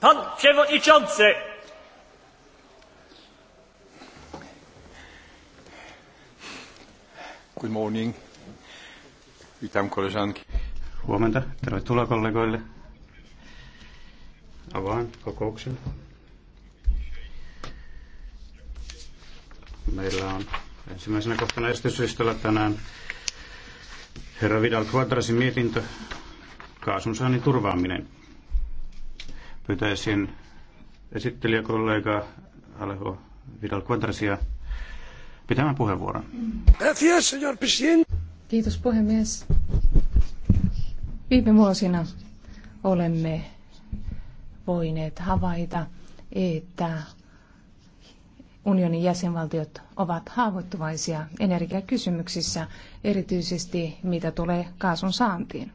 Pan przewodniczący! Good morning. Witam koleżanki. Huomenta. Tervetuloa kollegoille. Avaan kokouksen. Meillä on ensimmäisenä kohtana esityslistalla tänään herra Vidal Quadrasin mietintö kaasunsaannin turvaaminen. Pyytäisin esittelijäkollega Alejo Vidal Quadrasia pitämään puheenvuoron. Kiitos puhemies. Viime vuosina olemme voineet havaita, että unionin jäsenvaltiot ovat haavoittuvaisia energiakysymyksissä, erityisesti mitä tulee kaasun saantiin.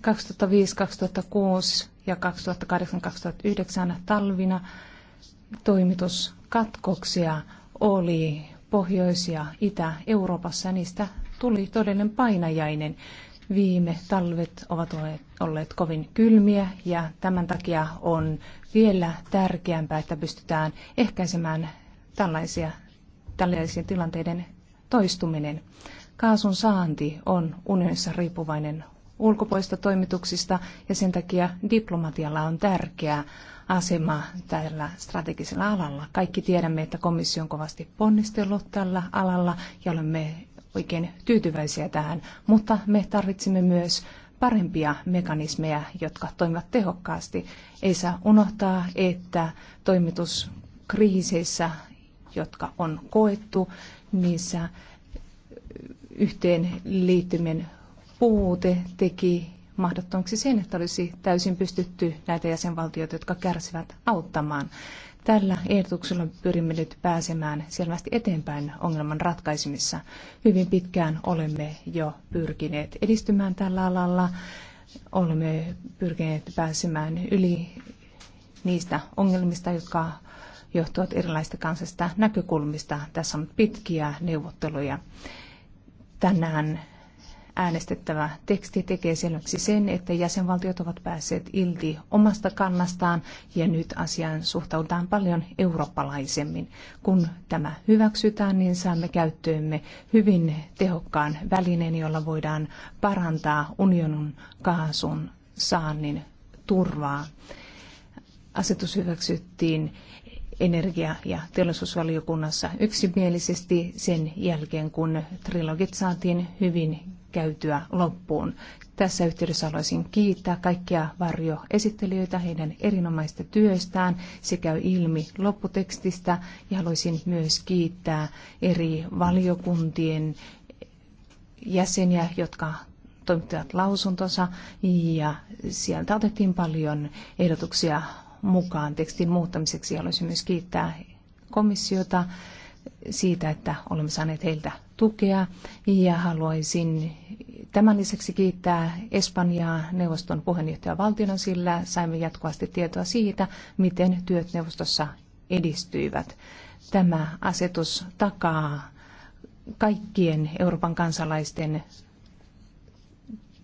2005, 2006 ja 2008-2009 talvina toimituskatkoksia oli Pohjois- ja Itä-Euroopassa ja niistä tuli todellinen painajainen. Viime talvet ovat olleet kovin kylmiä ja tämän takia on vielä tärkeämpää, että pystytään ehkäisemään tällaisia, tällaisia tilanteiden toistuminen. Kaasun saanti on unionissa riippuvainen ulkopuolista toimituksista ja sen takia diplomatialla on tärkeä asema tällä strategisella alalla. Kaikki tiedämme, että komissio on kovasti ponnistellut tällä alalla ja olemme oikein tyytyväisiä tähän, mutta me tarvitsemme myös parempia mekanismeja, jotka toimivat tehokkaasti. Ei saa unohtaa, että toimituskriiseissä, jotka on koettu, niissä yhteen puute teki mahdottomaksi sen, että olisi täysin pystytty näitä jäsenvaltioita, jotka kärsivät auttamaan. Tällä ehdotuksella pyrimme nyt pääsemään selvästi eteenpäin ongelman ratkaisemissa. Hyvin pitkään olemme jo pyrkineet edistymään tällä alalla. Olemme pyrkineet pääsemään yli niistä ongelmista, jotka johtuvat erilaisista kansallisista näkökulmista. Tässä on pitkiä neuvotteluja. Tänään äänestettävä teksti tekee selväksi sen, että jäsenvaltiot ovat päässeet ilti omasta kannastaan ja nyt asiaan suhtaudutaan paljon eurooppalaisemmin. Kun tämä hyväksytään, niin saamme käyttöömme hyvin tehokkaan välineen, jolla voidaan parantaa unionin kaasun saannin turvaa. Asetus hyväksyttiin energia- ja teollisuusvaliokunnassa yksimielisesti sen jälkeen, kun trilogit saatiin hyvin käytyä loppuun. Tässä yhteydessä haluaisin kiittää kaikkia varjoesittelijöitä heidän erinomaista työstään. sekä ilmi lopputekstistä ja haluaisin myös kiittää eri valiokuntien jäseniä, jotka toimittivat lausuntonsa ja sieltä otettiin paljon ehdotuksia mukaan tekstin muuttamiseksi. Haluaisin myös kiittää komissiota siitä, että olemme saaneet heiltä tukea ja haluaisin tämän lisäksi kiittää Espanjaa neuvoston valtion, sillä saimme jatkuvasti tietoa siitä, miten työt neuvostossa edistyivät. Tämä asetus takaa kaikkien Euroopan kansalaisten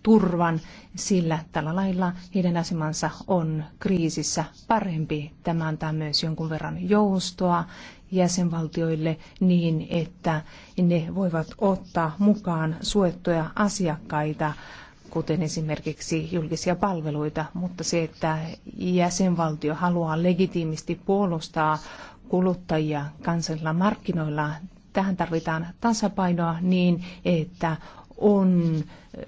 turvan, sillä tällä lailla heidän asemansa on kriisissä parempi. Tämä antaa myös jonkun verran joustoa jäsenvaltioille niin, että ne voivat ottaa mukaan suettuja asiakkaita kuten esimerkiksi julkisia palveluita, mutta se, että jäsenvaltio haluaa legitiimisti puolustaa kuluttajia kansallisilla markkinoilla, tähän tarvitaan tasapainoa niin, että on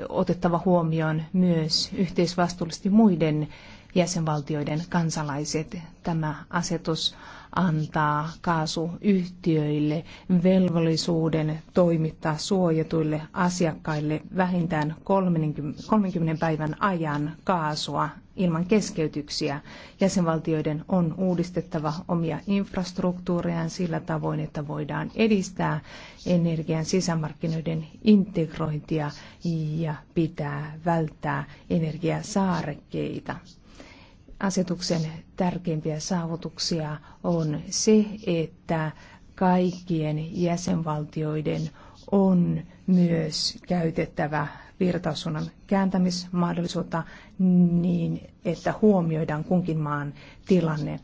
otettava huomioon myös yhteisvastuullisesti muiden jäsenvaltioiden kansalaiset. Tämä asetus antaa kaasuyhtiöille velvollisuuden toimittaa suojatuille asiakkaille vähintään 30 päivän ajan kaasua ilman keskeytyksiä. Jäsenvaltioiden on uudistettava omia infrastruktuurejaan sillä tavoin, että voidaan edistää energian sisämarkkinoiden integrointia ja pitää välttää energiasaarekkeita asetuksen tärkeimpiä saavutuksia on se, että kaikkien jäsenvaltioiden on myös käytettävä virtausunnan kääntämismahdollisuutta niin, että huomioidaan kunkin maan tilanne.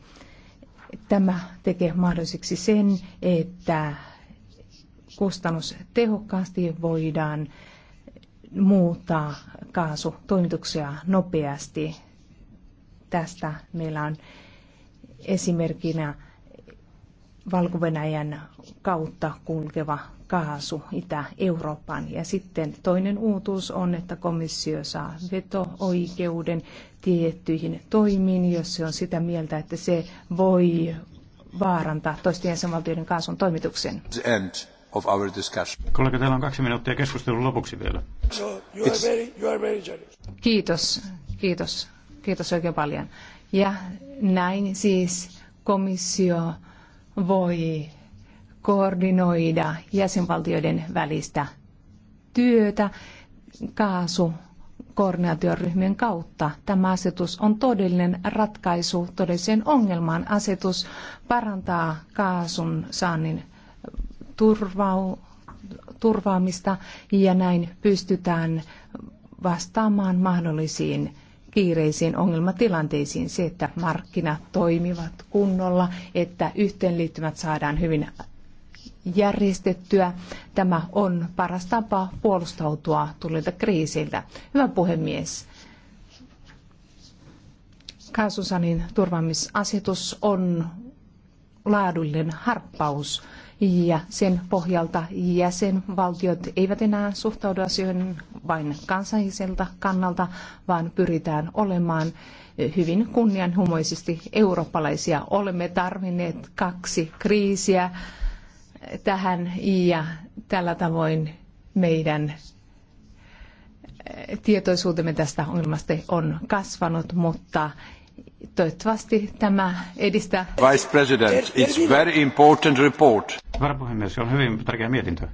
Tämä tekee mahdolliseksi sen, että kustannustehokkaasti voidaan muuttaa kaasutoimituksia nopeasti. Tästä meillä on esimerkkinä valko kautta kulkeva kaasu Itä-Eurooppaan. Ja sitten toinen uutuus on, että komissio saa veto-oikeuden tiettyihin toimiin, jos se on sitä mieltä, että se voi vaarantaa toisten jäsenvaltioiden kaasun toimituksen. Kollega, teillä on kaksi minuuttia keskustelun lopuksi vielä. So, you are very, you are very kiitos, kiitos, kiitos oikein paljon. Ja näin siis komissio voi koordinoida jäsenvaltioiden välistä työtä kaasu koordinaatioryhmien kautta. Tämä asetus on todellinen ratkaisu todelliseen ongelmaan. Asetus parantaa kaasun saannin turvau, turvaamista ja näin pystytään vastaamaan mahdollisiin kiireisiin ongelmatilanteisiin, se, että markkinat toimivat kunnolla, että yhteenliittymät saadaan hyvin järjestettyä. Tämä on paras tapa puolustautua tulilta kriisiltä. Hyvä puhemies. Kaasusanin turvaamisasetus on laadullinen harppaus ja sen pohjalta jäsenvaltiot eivät enää suhtaudu asioihin vain kansalliselta kannalta, vaan pyritään olemaan hyvin kunnianhimoisesti eurooppalaisia. Olemme tarvinneet kaksi kriisiä tähän ja tällä tavoin meidän eh, tietoisuutemme tästä ongelmasta on kasvanut, mutta toivottavasti tämä edistää. Vice President, it's very important report. Varapuhemies, se on hyvin tärkeä mietintö.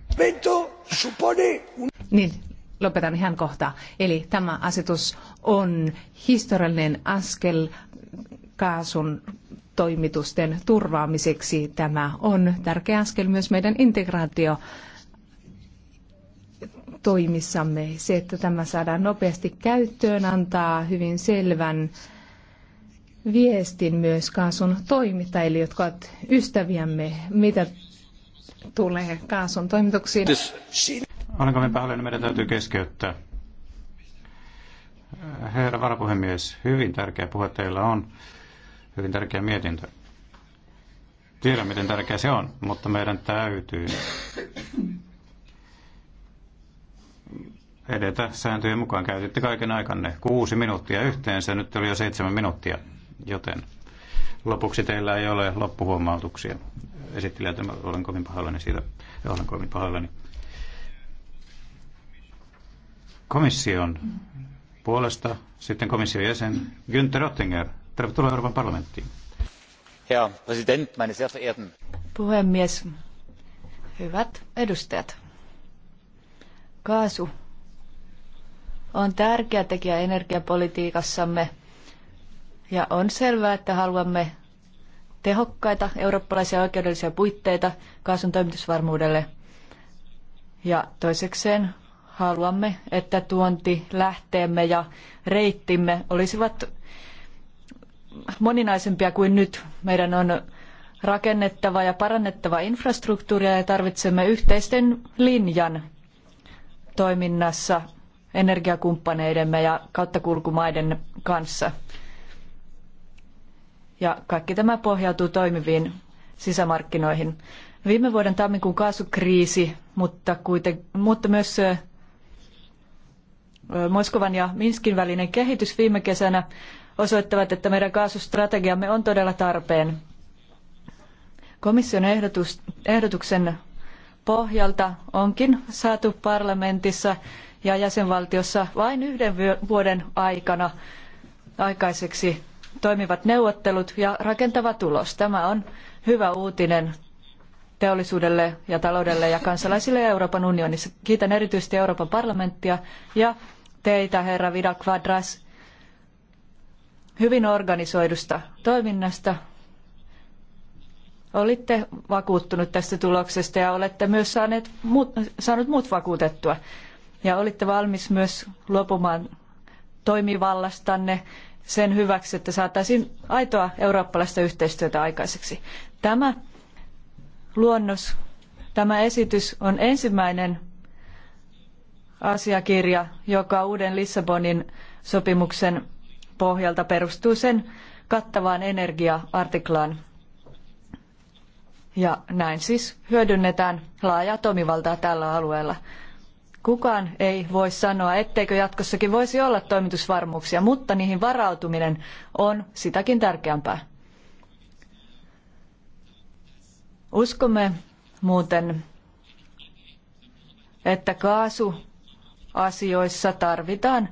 Niin, lopetan ihan kohta. Eli tämä asetus on historiallinen askel kaasun toimitusten turvaamiseksi. Tämä on tärkeä askel myös meidän integraatio toimissamme. Se, että tämä saadaan nopeasti käyttöön, antaa hyvin selvän viestin myös kaasun toimittajille, jotka ovat ystäviämme, mitä tulee kaasun toimituksiin. Olenko me paljon, meidän täytyy keskeyttää. Herra varapuhemies, hyvin tärkeä puhe teillä on. Hyvin tärkeä mietintö. Tiedän, miten tärkeä se on, mutta meidän täytyy edetä sääntöjen mukaan. Käytitte kaiken aikanne kuusi minuuttia yhteensä, nyt oli jo seitsemän minuuttia, joten lopuksi teillä ei ole loppuhuomautuksia. Esittelijät, olen kovin pahoillani siitä, olen kovin pahoillani. Komission puolesta sitten komission jäsen Günther Oettinger. Tervetuloa Euroopan parlamenttiin. Herr Präsident, meine sehr verehrten. Puhemies, hyvät edustajat. Kaasu on tärkeä tekijä energiapolitiikassamme ja on selvää, että haluamme tehokkaita eurooppalaisia oikeudellisia puitteita kaasun toimitusvarmuudelle. Ja toisekseen haluamme, että tuontilähteemme ja reittimme olisivat moninaisempia kuin nyt. Meidän on rakennettava ja parannettava infrastruktuuria ja tarvitsemme yhteisten linjan toiminnassa energiakumppaneidemme ja kauttakulkumaiden kanssa. Ja kaikki tämä pohjautuu toimiviin sisämarkkinoihin. Viime vuoden tammikuun kaasukriisi, mutta, kuiten, mutta myös Moskovan ja Minskin välinen kehitys viime kesänä osoittavat, että meidän kaasustrategiamme on todella tarpeen. Komission ehdotus, ehdotuksen pohjalta onkin saatu parlamentissa ja jäsenvaltiossa vain yhden vuoden aikana aikaiseksi toimivat neuvottelut ja rakentava tulos. Tämä on hyvä uutinen teollisuudelle ja taloudelle ja kansalaisille Euroopan unionissa. Kiitän erityisesti Euroopan parlamenttia ja teitä, herra Vidal Quadras, hyvin organisoidusta toiminnasta. Olitte vakuuttunut tästä tuloksesta ja olette myös saaneet muut, saanut muut vakuutettua. Ja olitte valmis myös luopumaan toimivallastanne sen hyväksi, että saataisiin aitoa eurooppalaista yhteistyötä aikaiseksi. Tämä luonnos, tämä esitys on ensimmäinen asiakirja, joka uuden Lissabonin sopimuksen pohjalta perustuu sen kattavaan energia-artiklaan. Ja näin siis hyödynnetään laajaa toimivaltaa tällä alueella. Kukaan ei voi sanoa, etteikö jatkossakin voisi olla toimitusvarmuuksia, mutta niihin varautuminen on sitäkin tärkeämpää. Uskomme muuten, että kaasuasioissa tarvitaan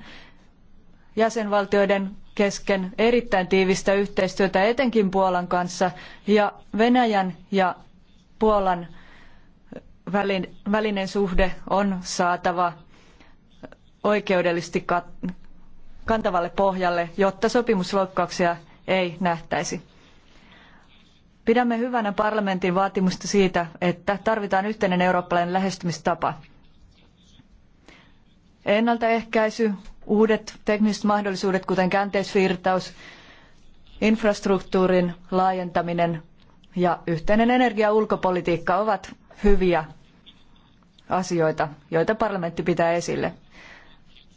jäsenvaltioiden kesken erittäin tiivistä yhteistyötä etenkin Puolan kanssa ja Venäjän ja Puolan välinen suhde on saatava oikeudellisesti kantavalle pohjalle, jotta sopimusloukkauksia ei nähtäisi. Pidämme hyvänä parlamentin vaatimusta siitä, että tarvitaan yhteinen eurooppalainen lähestymistapa. Ennaltaehkäisy, uudet tekniset mahdollisuudet, kuten käänteisvirtaus, infrastruktuurin laajentaminen ja yhteinen energia- ja ulkopolitiikka ovat hyviä asioita, joita parlamentti pitää esille.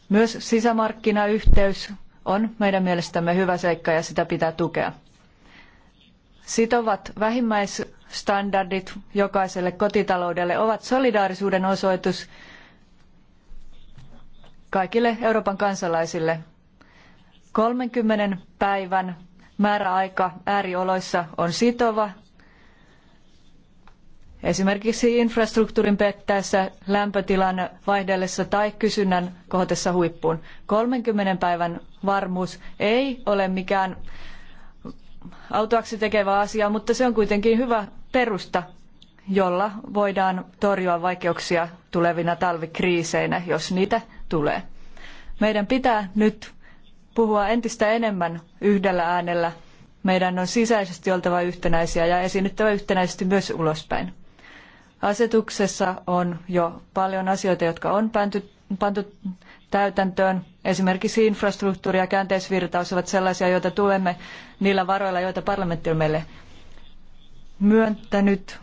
Myös sisämarkkinayhteys on meidän mielestämme hyvä seikka ja sitä pitää tukea. Sitovat vähimmäisstandardit jokaiselle kotitaloudelle ovat solidaarisuuden osoitus kaikille Euroopan kansalaisille. 30 päivän määräaika äärioloissa on sitova. Esimerkiksi infrastruktuurin pettäessä, lämpötilan vaihdellessa tai kysynnän kohdessa huippuun. 30 päivän varmuus ei ole mikään autoaksi tekevä asia, mutta se on kuitenkin hyvä perusta, jolla voidaan torjua vaikeuksia tulevina talvikriiseinä, jos niitä tulee. Meidän pitää nyt puhua entistä enemmän yhdellä äänellä. Meidän on sisäisesti oltava yhtenäisiä ja esiinnyttävä yhtenäisesti myös ulospäin. Asetuksessa on jo paljon asioita, jotka on panty, pantu täytäntöön. Esimerkiksi infrastruktuuri ja käänteisvirtaus ovat sellaisia, joita tulemme niillä varoilla, joita parlamentti on meille myöntänyt.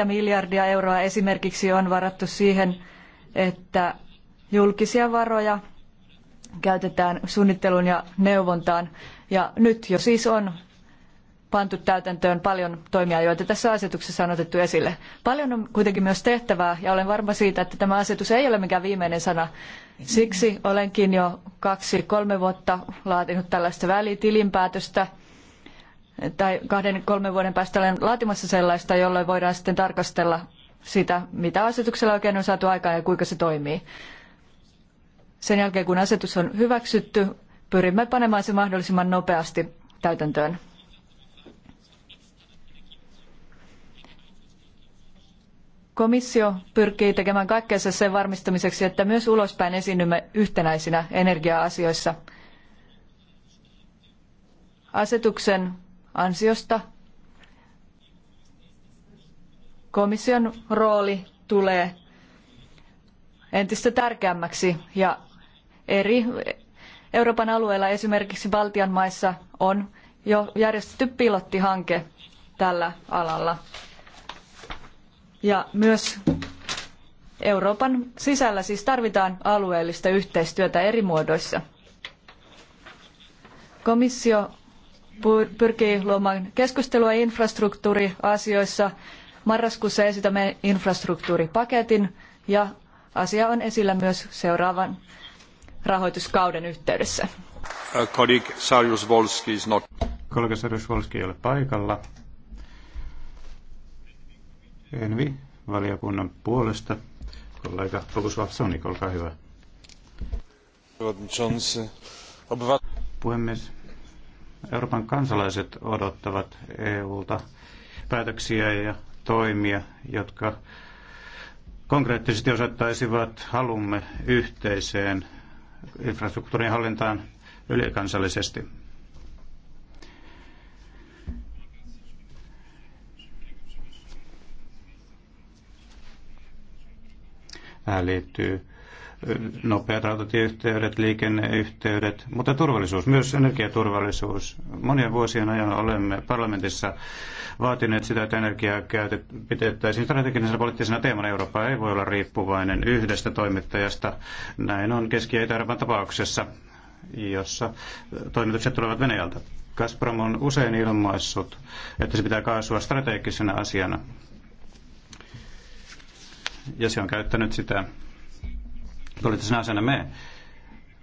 1,4 miljardia euroa esimerkiksi on varattu siihen, että Julkisia varoja käytetään suunnitteluun ja neuvontaan ja nyt jo siis on pantu täytäntöön paljon toimia, joita tässä asetuksessa on otettu esille. Paljon on kuitenkin myös tehtävää ja olen varma siitä, että tämä asetus ei ole mikään viimeinen sana. Siksi olenkin jo kaksi-kolme vuotta laatinut tällaista välitilinpäätöstä tai kahden kolmen vuoden päästä olen laatimassa sellaista, jolloin voidaan sitten tarkastella sitä, mitä asetuksella oikein on saatu aikaan ja kuinka se toimii. Sen jälkeen kun asetus on hyväksytty, pyrimme panemaan se mahdollisimman nopeasti täytäntöön. Komissio pyrkii tekemään kaikkensa sen varmistamiseksi, että myös ulospäin esiinnymme yhtenäisinä energia-asioissa. Asetuksen ansiosta komission rooli tulee entistä tärkeämmäksi ja eri Euroopan alueilla, esimerkiksi Baltian maissa, on jo järjestetty pilottihanke tällä alalla. Ja myös Euroopan sisällä siis tarvitaan alueellista yhteistyötä eri muodoissa. Komissio pyrkii luomaan keskustelua infrastruktuuriasioissa. Marraskuussa esitämme infrastruktuuripaketin ja asia on esillä myös seuraavan rahoituskauden yhteydessä. Kodik Sarjus Volski Kollega Sarjus ei ole paikalla. Envi, valiokunnan puolesta. Kollega Bogusław Sonik, olkaa hyvä. Puhemies, Euroopan kansalaiset odottavat EU: EUlta päätöksiä ja toimia, jotka konkreettisesti osoittaisivat halumme yhteiseen infrastruktuurin hallintaan ylikansallisesti. Tähän liittyy nopeat rautatieyhteydet, liikenneyhteydet, mutta turvallisuus, myös energiaturvallisuus. Monien vuosien ajan olemme parlamentissa vaatineet sitä, että energiaa käytet, pidettäisiin strategisena poliittisena teemana. Eurooppa ei voi olla riippuvainen yhdestä toimittajasta. Näin on Keski- ja Itä-Euroopan tapauksessa, jossa toimitukset tulevat Venäjältä. Gazprom on usein ilmaissut, että se pitää kaasua strategisena asiana. Ja se on käyttänyt sitä poliittisena asiana me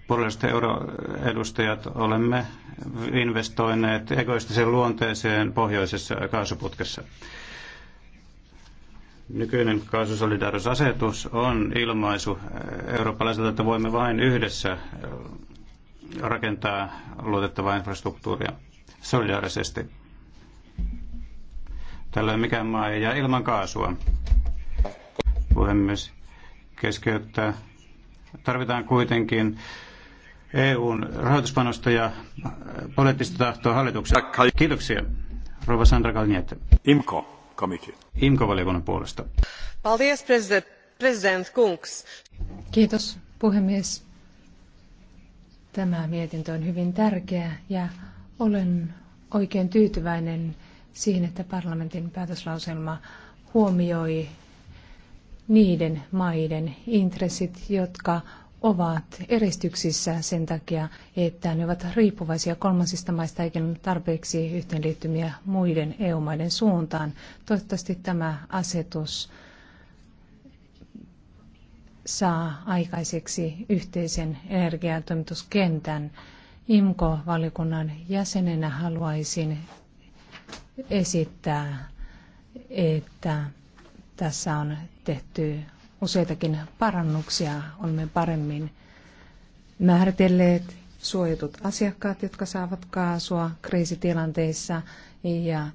puolueelliset euroedustajat olemme investoineet egoistiseen luonteeseen pohjoisessa kaasuputkessa. Nykyinen kaasusolidaarisuusasetus on ilmaisu eurooppalaiselta, että voimme vain yhdessä rakentaa luotettavaa infrastruktuuria solidaarisesti. Tällöin mikään maa ei jää ilman kaasua. Puhemies keskeyttää tarvitaan kuitenkin EUn rahoituspanosta ja äh, poliittista tahtoa hallituksen. Kiitoksia, rouva Sandra Kalniette. IMKO, komitea. IMKO-valiokunnan puolesta. Paldies, president, president Kunks. Kiitos, puhemies. Tämä mietintö on hyvin tärkeä ja olen oikein tyytyväinen siihen, että parlamentin päätöslauselma huomioi niiden maiden intressit, jotka ovat eristyksissä sen takia, että ne ovat riippuvaisia kolmansista maista eikä tarpeeksi yhteenliittymiä muiden EU-maiden suuntaan. Toivottavasti tämä asetus saa aikaiseksi yhteisen energiatoimituskentän. IMKO-valikunnan jäsenenä haluaisin esittää, että tässä on tehty useitakin parannuksia. Olemme paremmin määritelleet suojatut asiakkaat, jotka saavat kaasua kriisitilanteissa ja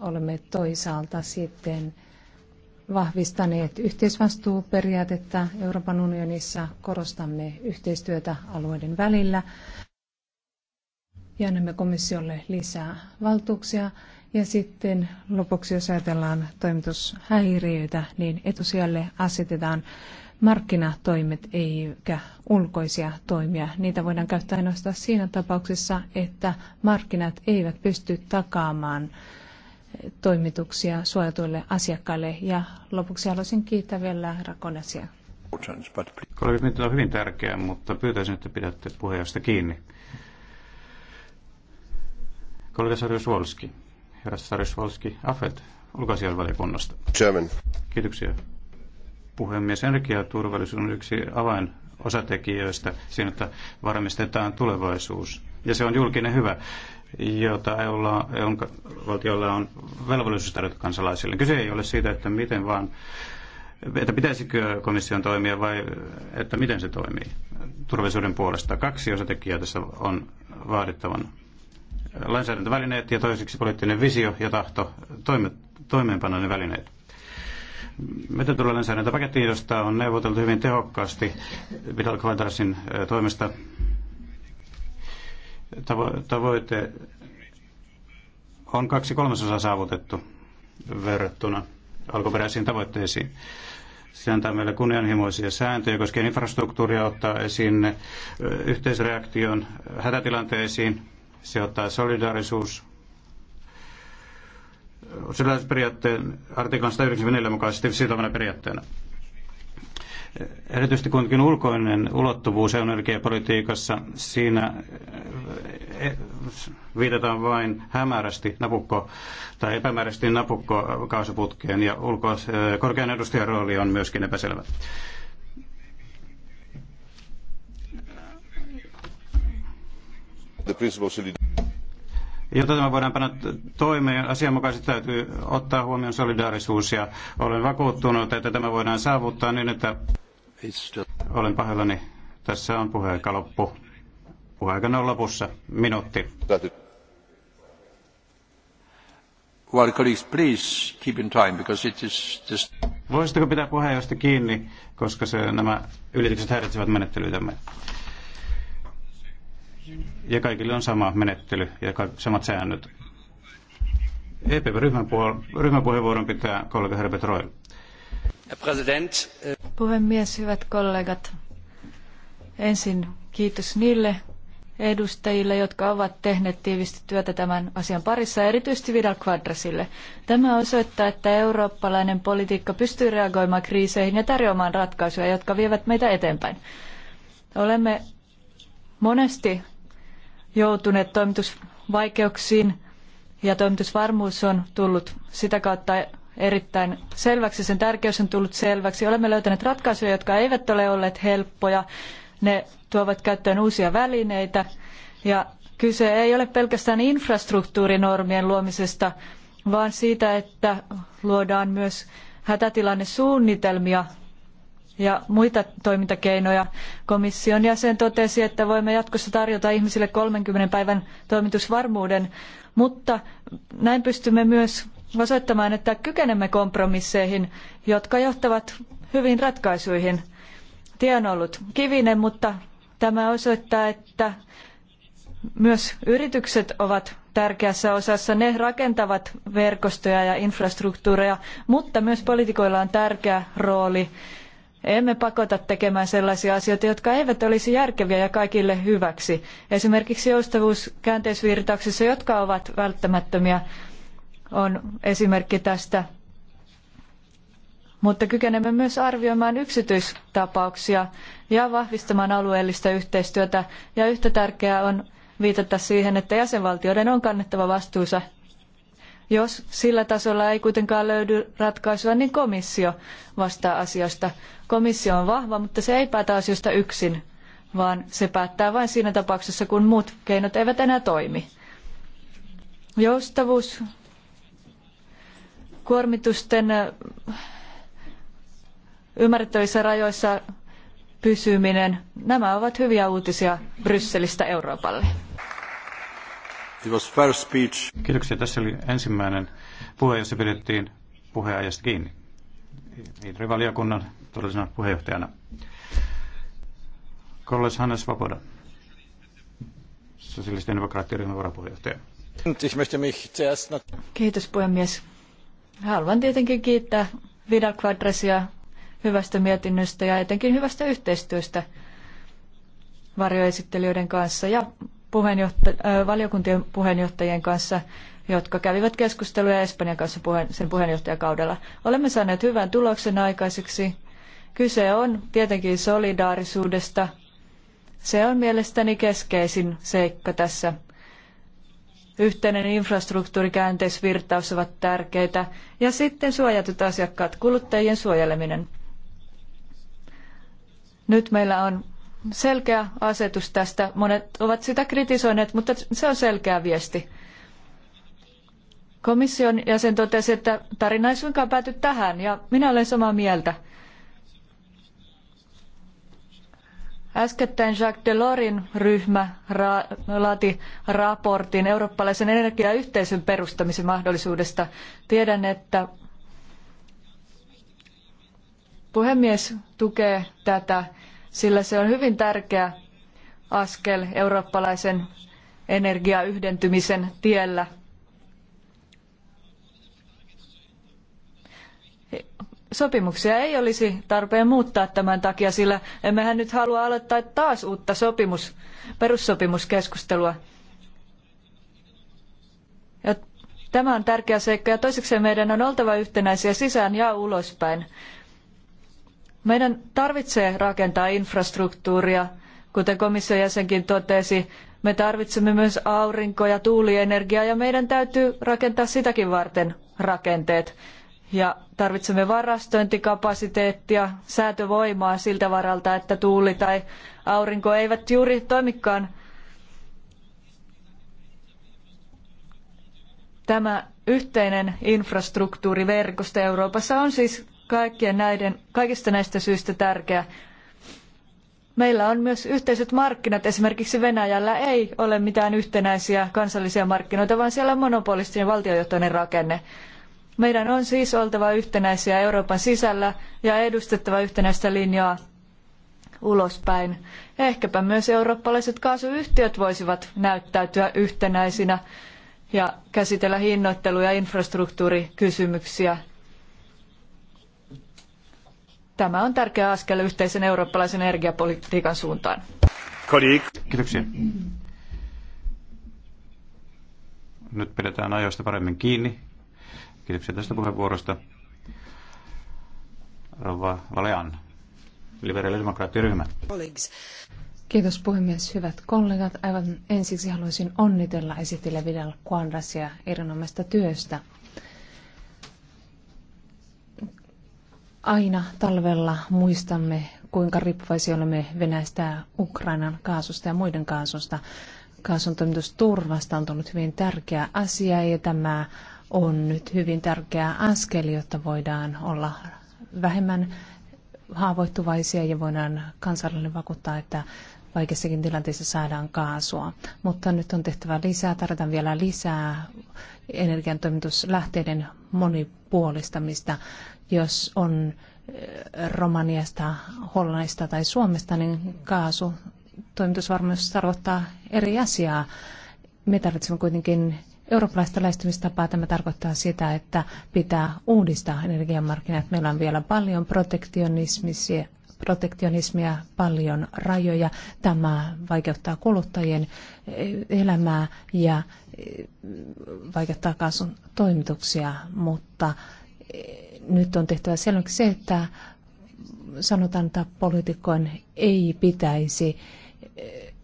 olemme toisaalta sitten vahvistaneet yhteisvastuuperiaatetta Euroopan unionissa, korostamme yhteistyötä alueiden välillä ja annamme komissiolle lisää valtuuksia ja sitten lopuksi, jos ajatellaan toimitushäiriöitä, niin etusijalle asetetaan markkinatoimet eikä ulkoisia toimia. Niitä voidaan käyttää ainoastaan siinä tapauksessa, että markkinat eivät pysty takaamaan toimituksia suojatuille asiakkaille. Ja lopuksi haluaisin kiittää vielä Rakonasia. Kollegit, on hyvin tärkeää, mutta pyytäisin, että pidätte puheenjohtajasta kiinni. Kollega Sarjo Suolski herra Sarisvalski Afet ulkoasiasvaliokunnasta. German. Kiitoksia. Puhemies, energiaturvallisuus on yksi avain osatekijöistä siinä, että varmistetaan tulevaisuus. Ja se on julkinen hyvä, jota EUlla, EUn valtiolla on velvollisuus tarjota kansalaisille. Kyse ei ole siitä, että miten vaan että pitäisikö komission toimia vai että miten se toimii turvallisuuden puolesta. Kaksi osatekijää tässä on vaadittavana lainsäädäntövälineet ja toiseksi poliittinen visio ja tahto toime, toimeenpanojen välineet. Mitä tulee lainsäädäntöpakettiin, josta on neuvoteltu hyvin tehokkaasti Vidal Quadrasin toimesta, tavo- tavoite on kaksi kolmasosaa saavutettu verrattuna alkuperäisiin tavoitteisiin. Se antaa meille kunnianhimoisia sääntöjä koskien infrastruktuuria, ottaa esiin yhteisreaktion hätätilanteisiin, se tämä solidaarisuus solidaarisuusperiaatteen artiklan 194 mukaisesti sitovana periaatteena. Erityisesti kuitenkin ulkoinen ulottuvuus on e energiapolitiikassa, siinä eh, viitataan vain hämärästi napukko tai epämääräisesti napukko kaasuputkeen ja ulko- eh, korkean edustajan rooli on myöskin epäselvä. Jotta tämä voidaan panna toimeen, asianmukaisesti täytyy ottaa huomioon solidaarisuus ja olen vakuuttunut, että tämä voidaan saavuttaa niin, että olen pahoillani. Tässä on puheaika loppu. Puheaikana on lopussa. Minuutti. Voisitteko pitää puheenjohtajasta kiinni, koska se, nämä ylitykset häiritsevät menettelyitämme? ja kaikille on sama menettely ja samat säännöt. EPP-ryhmän ryhmäpuheenvuoron pitää kollega Herbert Roy. Äh, Puhemies, hyvät kollegat. Ensin kiitos niille edustajille, jotka ovat tehneet tiivisti työtä tämän asian parissa, erityisesti Vidal Quadrasille. Tämä osoittaa, että eurooppalainen politiikka pystyy reagoimaan kriiseihin ja tarjoamaan ratkaisuja, jotka vievät meitä eteenpäin. Olemme monesti joutuneet toimitusvaikeuksiin ja toimitusvarmuus on tullut sitä kautta erittäin selväksi, sen tärkeys on tullut selväksi. Olemme löytäneet ratkaisuja, jotka eivät ole olleet helppoja. Ne tuovat käyttöön uusia välineitä ja kyse ei ole pelkästään infrastruktuurinormien luomisesta, vaan siitä, että luodaan myös hätätilannesuunnitelmia ja muita toimintakeinoja. Komission jäsen totesi, että voimme jatkossa tarjota ihmisille 30 päivän toimitusvarmuuden, mutta näin pystymme myös osoittamaan, että kykenemme kompromisseihin, jotka johtavat hyvin ratkaisuihin. Tie on ollut kivinen, mutta tämä osoittaa, että myös yritykset ovat tärkeässä osassa. Ne rakentavat verkostoja ja infrastruktuureja, mutta myös poliitikoilla on tärkeä rooli emme pakota tekemään sellaisia asioita, jotka eivät olisi järkeviä ja kaikille hyväksi. Esimerkiksi joustavuus käänteisvirtauksissa, jotka ovat välttämättömiä, on esimerkki tästä. Mutta kykenemme myös arvioimaan yksityistapauksia ja vahvistamaan alueellista yhteistyötä. Ja yhtä tärkeää on viitata siihen, että jäsenvaltioiden on kannettava vastuunsa jos sillä tasolla ei kuitenkaan löydy ratkaisua, niin komissio vastaa asiasta. Komissio on vahva, mutta se ei päätä asioista yksin, vaan se päättää vain siinä tapauksessa, kun muut keinot eivät enää toimi. Joustavuus, kuormitusten äh, ymmärrettävissä rajoissa pysyminen, nämä ovat hyviä uutisia Brysselistä Euroopalle. It was first speech. Kiitoksia. Tässä oli ensimmäinen puhe, jossa pidettiin puheenajasta kiinni. Itri-valiokunnan todellisena puheenjohtajana. Kolles Hannes Vapoda, sosiaalisten demokraattiryhmän varapuheenjohtaja. Kiitos puhemies. Haluan tietenkin kiittää Vida Quadresia hyvästä mietinnöstä ja etenkin hyvästä yhteistyöstä varjoesittelijöiden kanssa ja puheenjohta- valiokuntien puheenjohtajien kanssa, jotka kävivät keskusteluja Espanjan kanssa puheen, sen puheenjohtajakaudella. Olemme saaneet hyvän tuloksen aikaiseksi. Kyse on tietenkin solidaarisuudesta. Se on mielestäni keskeisin seikka tässä. Yhteinen infrastruktuuri, käänteisvirtaus ovat tärkeitä. Ja sitten suojatut asiakkaat, kuluttajien suojeleminen. Nyt meillä on selkeä asetus tästä. Monet ovat sitä kritisoineet, mutta se on selkeä viesti. Komission jäsen totesi, että tarina ei suinkaan pääty tähän, ja minä olen samaa mieltä. Äskettäin Jacques Delorin ryhmä laati raportin eurooppalaisen energiayhteisön perustamisen mahdollisuudesta. Tiedän, että puhemies tukee tätä sillä se on hyvin tärkeä askel eurooppalaisen energiayhdentymisen tiellä. Sopimuksia ei olisi tarpeen muuttaa tämän takia, sillä emmehän nyt halua aloittaa taas uutta sopimus, perussopimuskeskustelua. Ja tämä on tärkeä seikka ja toiseksi meidän on oltava yhtenäisiä sisään ja ulospäin. Meidän tarvitsee rakentaa infrastruktuuria, kuten komission jäsenkin totesi. Me tarvitsemme myös aurinko- ja tuulienergiaa ja meidän täytyy rakentaa sitäkin varten rakenteet. Ja tarvitsemme varastointikapasiteettia, säätövoimaa siltä varalta, että tuuli tai aurinko eivät juuri toimikaan. Tämä yhteinen infrastruktuuriverkosto Euroopassa on siis kaikkien näiden, kaikista näistä syistä tärkeä. Meillä on myös yhteiset markkinat. Esimerkiksi Venäjällä ei ole mitään yhtenäisiä kansallisia markkinoita, vaan siellä on monopolistinen valtiojohtoinen rakenne. Meidän on siis oltava yhtenäisiä Euroopan sisällä ja edustettava yhtenäistä linjaa ulospäin. Ehkäpä myös eurooppalaiset kaasuyhtiöt voisivat näyttäytyä yhtenäisinä ja käsitellä hinnoittelu- ja infrastruktuurikysymyksiä Tämä on tärkeä askel yhteisen eurooppalaisen energiapolitiikan suuntaan. Kiitoksia. Nyt pidetään ajoista paremmin kiinni. Kiitoksia tästä puheenvuorosta. Rova Valean, liberaalidemokraattiryhmä. Kiitos puhemies, hyvät kollegat. Aivan ensiksi haluaisin onnitella esitellä Vidal Quandrasia erinomaista työstä. Aina talvella muistamme, kuinka riippuvaisia olemme Venäjästä, Ukrainan kaasusta ja muiden kaasusta. Kaasun toimitusturvasta on tullut hyvin tärkeä asia ja tämä on nyt hyvin tärkeä askel, jotta voidaan olla vähemmän haavoittuvaisia ja voidaan kansallinen vakuuttaa, että vaikeissakin tilanteissa saadaan kaasua. Mutta nyt on tehtävä lisää, tarvitaan vielä lisää energiantoimituslähteiden monipuolistamista jos on eh, Romaniasta, Hollannista tai Suomesta, niin kaasu toimitusvarmuus tarkoittaa eri asiaa. Me tarvitsemme kuitenkin eurooppalaista lähestymistapaa. Tämä tarkoittaa sitä, että pitää uudistaa energiamarkkinat. Meillä on vielä paljon protektionismisia protektionismia, paljon rajoja. Tämä vaikeuttaa kuluttajien eh, elämää ja eh, vaikeuttaa kaasun toimituksia, mutta nyt on tehtävä selväksi se, että sanotaan, että poliitikkojen ei pitäisi eh,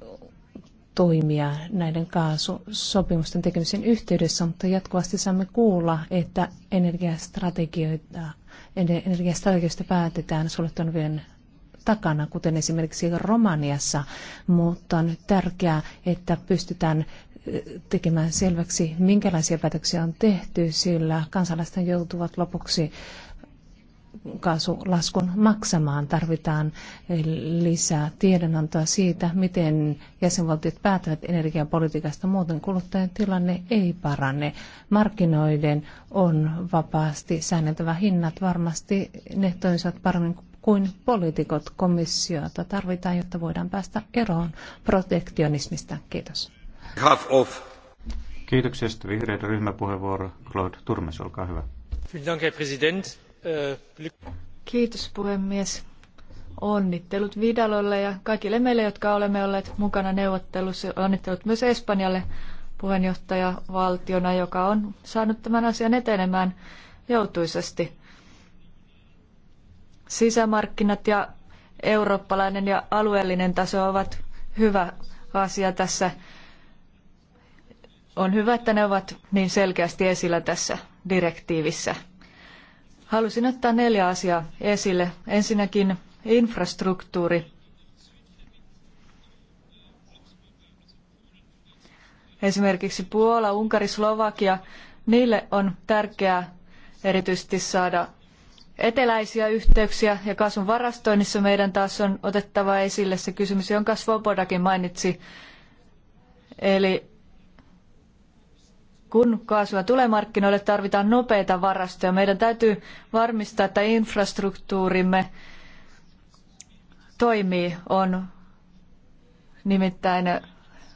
toimia näiden kaasusopimusten tekemisen yhteydessä, mutta jatkuvasti saamme kuulla, että energiastrategioita, energiastrategioista päätetään suljettujen vielä takana, kuten esimerkiksi Romaniassa, mutta on nyt tärkeää, että pystytään tekemään selväksi, minkälaisia päätöksiä on tehty, sillä kansalaisten joutuvat lopuksi kaasulaskun maksamaan. Tarvitaan lisää tiedonantoa siitä, miten jäsenvaltiot päättävät energiapolitiikasta. Muuten kuluttajan tilanne ei parane. Markkinoiden on vapaasti säänneltävä hinnat. Varmasti ne toimisivat paremmin kuin poliitikot komissiota tarvitaan, jotta voidaan päästä eroon protektionismista. Kiitos half of. Kiitoksia. Sitten vihreiden ryhmäpuheenvuoro. Claude Turmes, olkaa hyvä. Äh, Kiitos puhemies. Onnittelut Vidalolle ja kaikille meille, jotka olemme olleet mukana neuvottelussa. Onnittelut myös Espanjalle puheenjohtajavaltiona, joka on saanut tämän asian etenemään joutuisasti. Sisämarkkinat ja eurooppalainen ja alueellinen taso ovat hyvä asia tässä on hyvä, että ne ovat niin selkeästi esillä tässä direktiivissä. Halusin ottaa neljä asiaa esille. Ensinnäkin infrastruktuuri. Esimerkiksi Puola, Unkari, Slovakia, niille on tärkeää erityisesti saada eteläisiä yhteyksiä ja kasvun varastoinnissa meidän taas on otettava esille se kysymys, jonka Svobodakin mainitsi, eli kun kaasua tulee markkinoille, tarvitaan nopeita varastoja. Meidän täytyy varmistaa, että infrastruktuurimme toimii. On nimittäin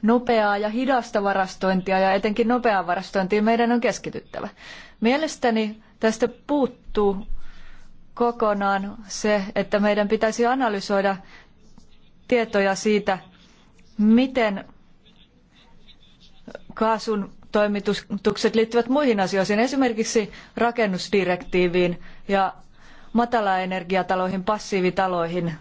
nopeaa ja hidasta varastointia ja etenkin nopeaa varastointia meidän on keskityttävä. Mielestäni tästä puuttuu kokonaan se, että meidän pitäisi analysoida tietoja siitä, miten kaasun toimitukset liittyvät muihin asioihin, esimerkiksi rakennusdirektiiviin ja matalaenergiataloihin, passiivitaloihin.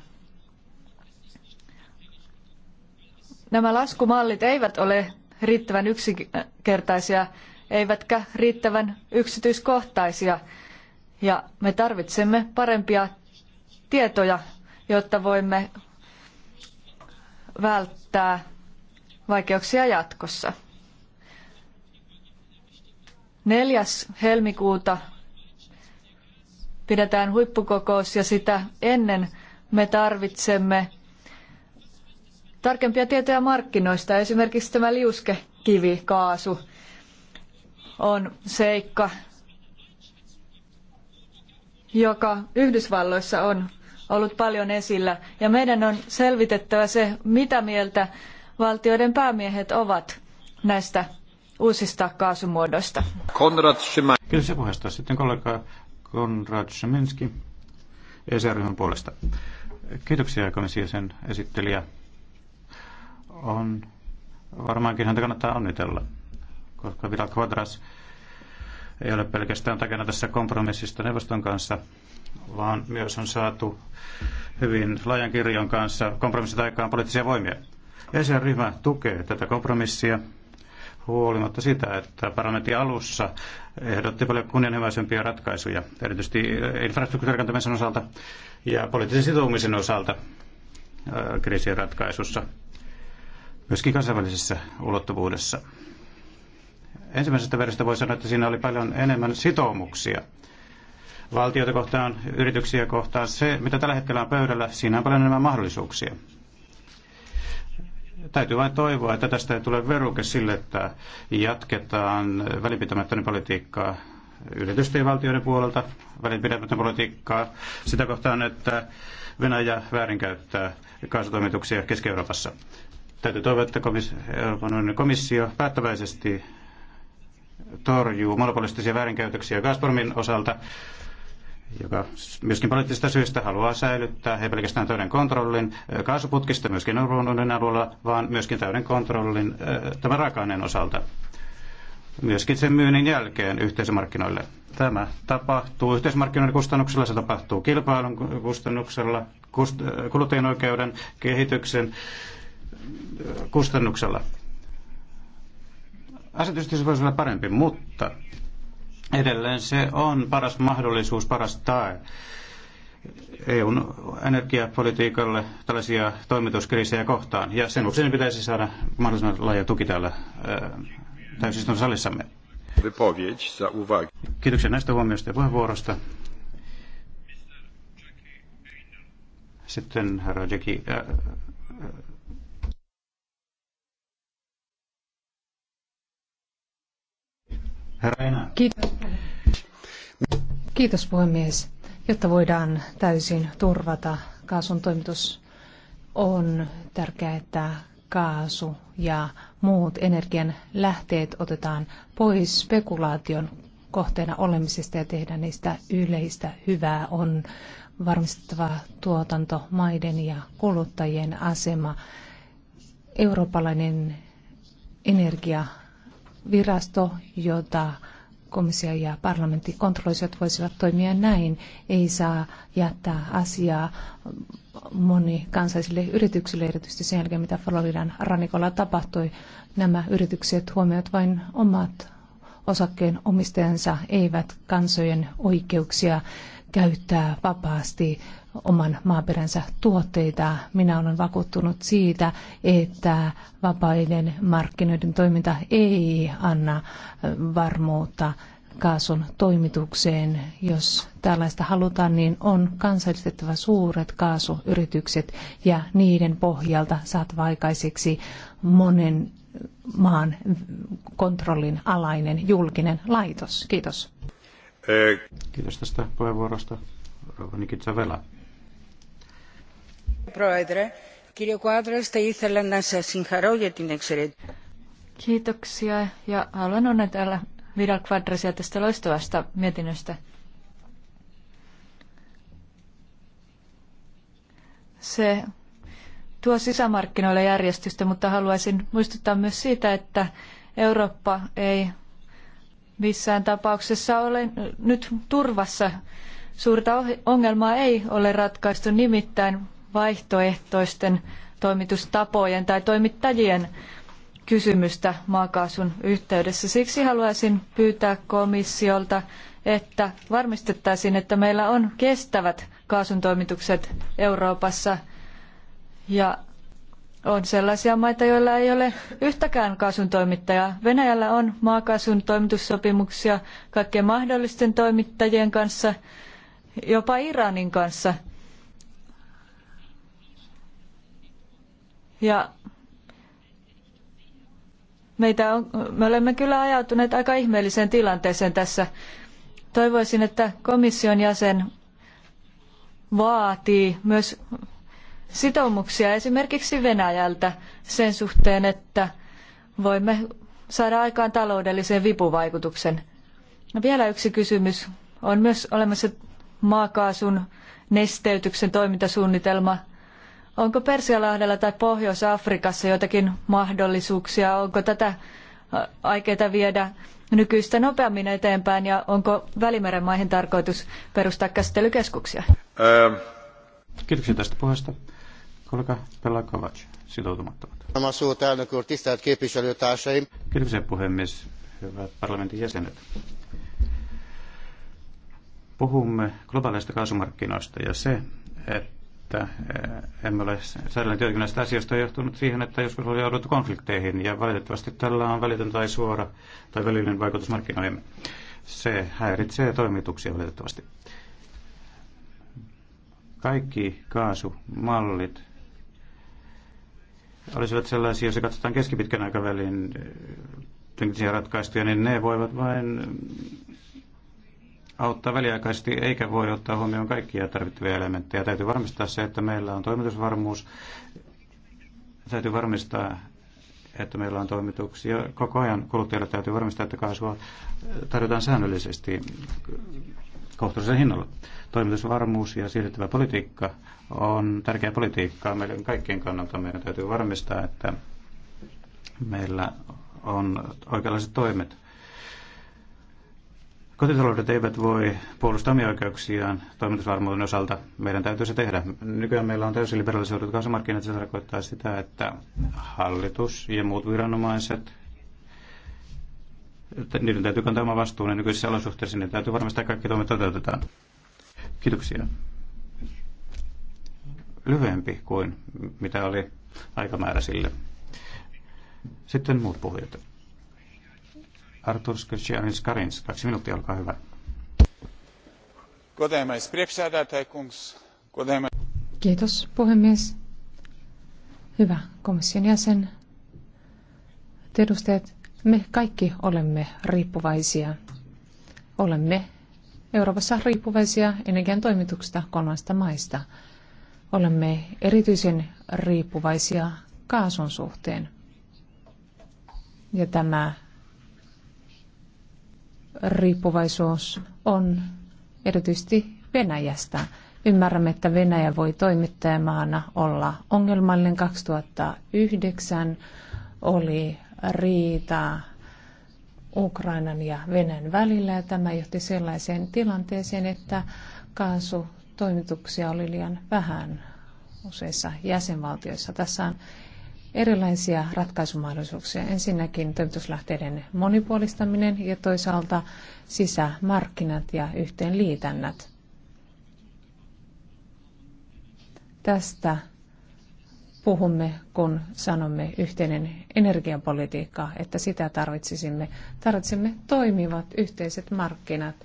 Nämä laskumallit eivät ole riittävän yksinkertaisia eivätkä riittävän yksityiskohtaisia. Ja me tarvitsemme parempia tietoja, jotta voimme välttää vaikeuksia jatkossa. 4. helmikuuta pidetään huippukokous ja sitä ennen me tarvitsemme tarkempia tietoja markkinoista. Esimerkiksi tämä liuskekivikaasu on seikka, joka Yhdysvalloissa on ollut paljon esillä. Ja meidän on selvitettävä se, mitä mieltä valtioiden päämiehet ovat näistä uusista kaasumuodoista. Konrad Szymanski. Kyllä se puheesta. Sitten kollega Konrad Szymanski ESR-ryhmän puolesta. Kiitoksia komission sen esittelijä. On varmaankin häntä kannattaa onnitella, koska Vidal Quadras ei ole pelkästään takana tässä kompromissista neuvoston kanssa, vaan myös on saatu hyvin laajan kirjon kanssa kompromissit aikaan poliittisia voimia. ESR-ryhmä tukee tätä kompromissia huolimatta sitä, että parlamentin alussa ehdotti paljon kunnianhimoisempia ratkaisuja, erityisesti eh, infrastruktuurirakentamisen osalta ja poliittisen sitoumisen osalta eh, kriisien ratkaisussa, myöskin kansainvälisessä ulottuvuudessa. Ensimmäisestä verestä voi sanoa, että siinä oli paljon enemmän sitoumuksia valtioita kohtaan, yrityksiä kohtaan. Se, mitä tällä hetkellä on pöydällä, siinä on paljon enemmän mahdollisuuksia. Täytyy vain toivoa, että tästä ei tule veruke sille, että jatketaan välinpitämättöinen politiikkaa yritysten ja valtioiden puolelta, välinpitämätön politiikkaa sitä kohtaan, että Venäjä väärinkäyttää kaasutoimituksia Keski-Euroopassa. Täytyy toivoa, että komis- Euroopan komissio päättäväisesti torjuu monopolistisia väärinkäytöksiä Gazpromin osalta joka myöskin poliittisista syistä haluaa säilyttää ei pelkästään täyden kontrollin kaasuputkista myöskin Euroopan unionin alueella, vaan myöskin täyden kontrollin tämän raaka osalta myöskin sen myynnin jälkeen yhteismarkkinoille. Tämä tapahtuu yhteismarkkinoiden kustannuksella, se tapahtuu kilpailun kustannuksella, kust, kuluttajien oikeuden kehityksen kustannuksella. Asetus voisi olla parempi, mutta Edelleen se on paras mahdollisuus, paras tae EUn energiapolitiikalle tällaisia toimituskriisejä kohtaan. Ja sen vuoksi pitäisi saada mahdollisimman laaja tuki täällä äh, täysistun salissamme. Kiitoksia näistä huomioista ja puheenvuorosta. Sitten herra Jackie, äh, äh Kiitos. Kiitos puhemies. Jotta voidaan täysin turvata kaasun toimitus, on tärkeää, että kaasu ja muut energian lähteet otetaan pois spekulaation kohteena olemisesta ja tehdä niistä yleistä hyvää on varmistettava tuotanto maiden ja kuluttajien asema. Eurooppalainen energia virasto, jota komissio ja parlamentti kontrolloisivat voisivat toimia näin. Ei saa jättää asiaa moni yrityksille, erityisesti sen jälkeen, mitä Floridan rannikolla tapahtui. Nämä yritykset huomioivat vain omat osakkeen omistajansa, eivät kansojen oikeuksia käyttää vapaasti oman maaperänsä tuotteita. Minä olen vakuuttunut siitä, että vapaiden markkinoiden toiminta ei anna varmuutta kaasun toimitukseen. Jos tällaista halutaan, niin on kansallistettava suuret kaasuyritykset ja niiden pohjalta saat aikaiseksi monen maan kontrollin alainen julkinen laitos. Kiitos. Kiitos tästä puheenvuorosta. Rouva Nikitsa Vela. Kiitoksia ja haluan onnitella Vidal Quadrasia tästä loistavasta mietinnöstä. Se tuo sisämarkkinoille järjestystä, mutta haluaisin muistuttaa myös siitä, että Eurooppa ei missään tapauksessa ole nyt turvassa. Suurta ongelmaa ei ole ratkaistu, nimittäin vaihtoehtoisten toimitustapojen tai toimittajien kysymystä maakaasun yhteydessä. Siksi haluaisin pyytää komissiolta, että varmistettaisiin, että meillä on kestävät kaasuntoimitukset Euroopassa ja on sellaisia maita, joilla ei ole yhtäkään kaasuntoimittajaa. Venäjällä on maakaasun toimitussopimuksia kaikkien mahdollisten toimittajien kanssa, jopa Iranin kanssa – Ja meitä on, me olemme kyllä ajautuneet aika ihmeelliseen tilanteeseen tässä. Toivoisin, että komission jäsen vaatii myös sitoumuksia esimerkiksi Venäjältä sen suhteen, että voimme saada aikaan taloudellisen vipuvaikutuksen. No vielä yksi kysymys. On myös olemassa maakaasun nesteytyksen toimintasuunnitelma – Onko Persialahdella tai Pohjois-Afrikassa jotakin mahdollisuuksia? Onko tätä aikeita viedä nykyistä nopeammin eteenpäin ja onko Välimeren maihin tarkoitus perustaa käsittelykeskuksia? Ähm. Kiitoksia tästä puheesta. Kollega Pella Kovac, sitoutumattomat. Kiitoksia puhemies, hyvät parlamentin jäsenet. Puhumme globaaleista kaasumarkkinoista ja se, että että eh, emme ole työtä, näistä asioista johtunut siihen, että joskus oli jouduttu konflikteihin ja valitettavasti tällä on välitön tai suora tai välillinen vaikutus markkinoihin. Se häiritsee toimituksia valitettavasti. Kaikki kaasumallit olisivat sellaisia, jos katsotaan keskipitkän aikavälin eh, teknisiä ratkaisuja, niin ne voivat vain auttaa väliaikaisesti eikä voi ottaa huomioon kaikkia tarvittavia elementtejä. Täytyy varmistaa se, että meillä on toimitusvarmuus. Täytyy varmistaa, että meillä on toimituksia. Koko ajan kuluttajille täytyy varmistaa, että kaasua tarjotaan säännöllisesti kohtuullisen hinnalla. Toimitusvarmuus ja siirrettävä politiikka on tärkeä politiikkaa meidän kaikkien kannalta. Meidän täytyy varmistaa, että meillä on oikeanlaiset toimet Kotitaloudet eivät voi puolustaa omia oikeuksiaan toimitusvarmuuden osalta. Meidän täytyy se tehdä. Nykyään meillä on täysin liberalisoidut kansanmarkkinat, Se tarkoittaa sitä, että hallitus ja muut viranomaiset niiden täytyy kantaa oma vastuun ja nykyisissä olosuhteissa niin täytyy varmistaa kaikki toimet toteutetaan. Kiitoksia. Lyhyempi kuin mitä oli aikamäärä sille. Sitten muut puhujat. Artur Karins. Kaksi minuuttia, olkaa hyvä. Kiitos puhemies. Hyvä komission jäsen. Edustajat, me kaikki olemme riippuvaisia. Olemme Euroopassa riippuvaisia energian toimituksista kolmasta maista. Olemme erityisen riippuvaisia kaasun suhteen. Ja tämä riippuvaisuus on erityisesti Venäjästä. Ymmärrämme, että Venäjä voi toimittajamaana olla ongelmallinen. 2009 oli riita Ukrainan ja Venäjän välillä ja tämä johti sellaiseen tilanteeseen, että kaasutoimituksia oli liian vähän useissa jäsenvaltioissa. Tässä on erilaisia ratkaisumahdollisuuksia. Ensinnäkin toimituslähteiden monipuolistaminen ja toisaalta sisämarkkinat ja yhteenliitännät. Tästä puhumme, kun sanomme yhteinen energiapolitiikka, että sitä tarvitsisimme. Tarvitsemme toimivat yhteiset markkinat.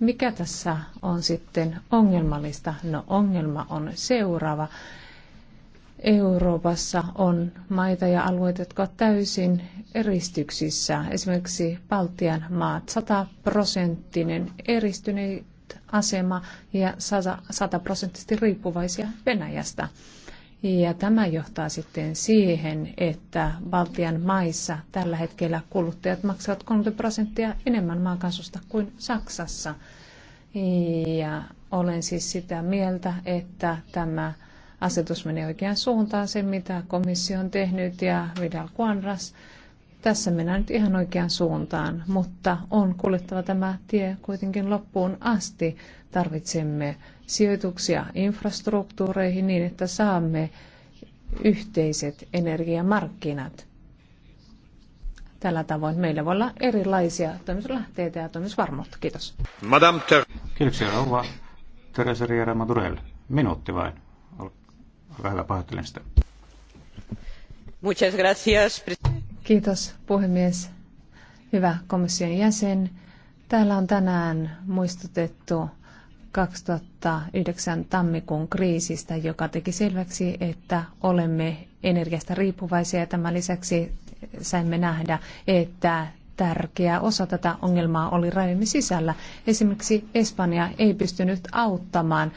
Mikä tässä on sitten ongelmallista? No ongelma on seuraava. Euroopassa on maita ja alueita, jotka ovat täysin eristyksissä. Esimerkiksi Baltian maat, 100 prosenttinen eristynyt asema ja 100 prosenttisesti riippuvaisia Venäjästä. Ja tämä johtaa sitten siihen, että Baltian maissa tällä hetkellä kuluttajat maksavat 30 prosenttia enemmän maakasusta kuin Saksassa. Ja olen siis sitä mieltä, että tämä asetus menee oikeaan suuntaan, se mitä komissio on tehnyt ja Vidal Quadras. Tässä mennään nyt ihan oikeaan suuntaan, mutta on kuljettava tämä tie kuitenkin loppuun asti. Tarvitsemme sijoituksia infrastruktuureihin niin, että saamme yhteiset energiamarkkinat. Tällä tavoin meillä voi olla erilaisia toimituslähteitä ja toimitusvarmuutta. Kiitos. Madame Ter- Kiitoksia, rouva. Teresa Riera Madurel. Minuutti vain. Olkaa pahoittelen sitä. Kiitos puhemies. Hyvä komission jäsen. Täällä on tänään muistutettu 2009 tammikuun kriisistä, joka teki selväksi, että olemme energiasta riippuvaisia. Tämän lisäksi saimme nähdä, että tärkeä osa tätä ongelmaa oli rajojemme sisällä. Esimerkiksi Espanja ei pystynyt auttamaan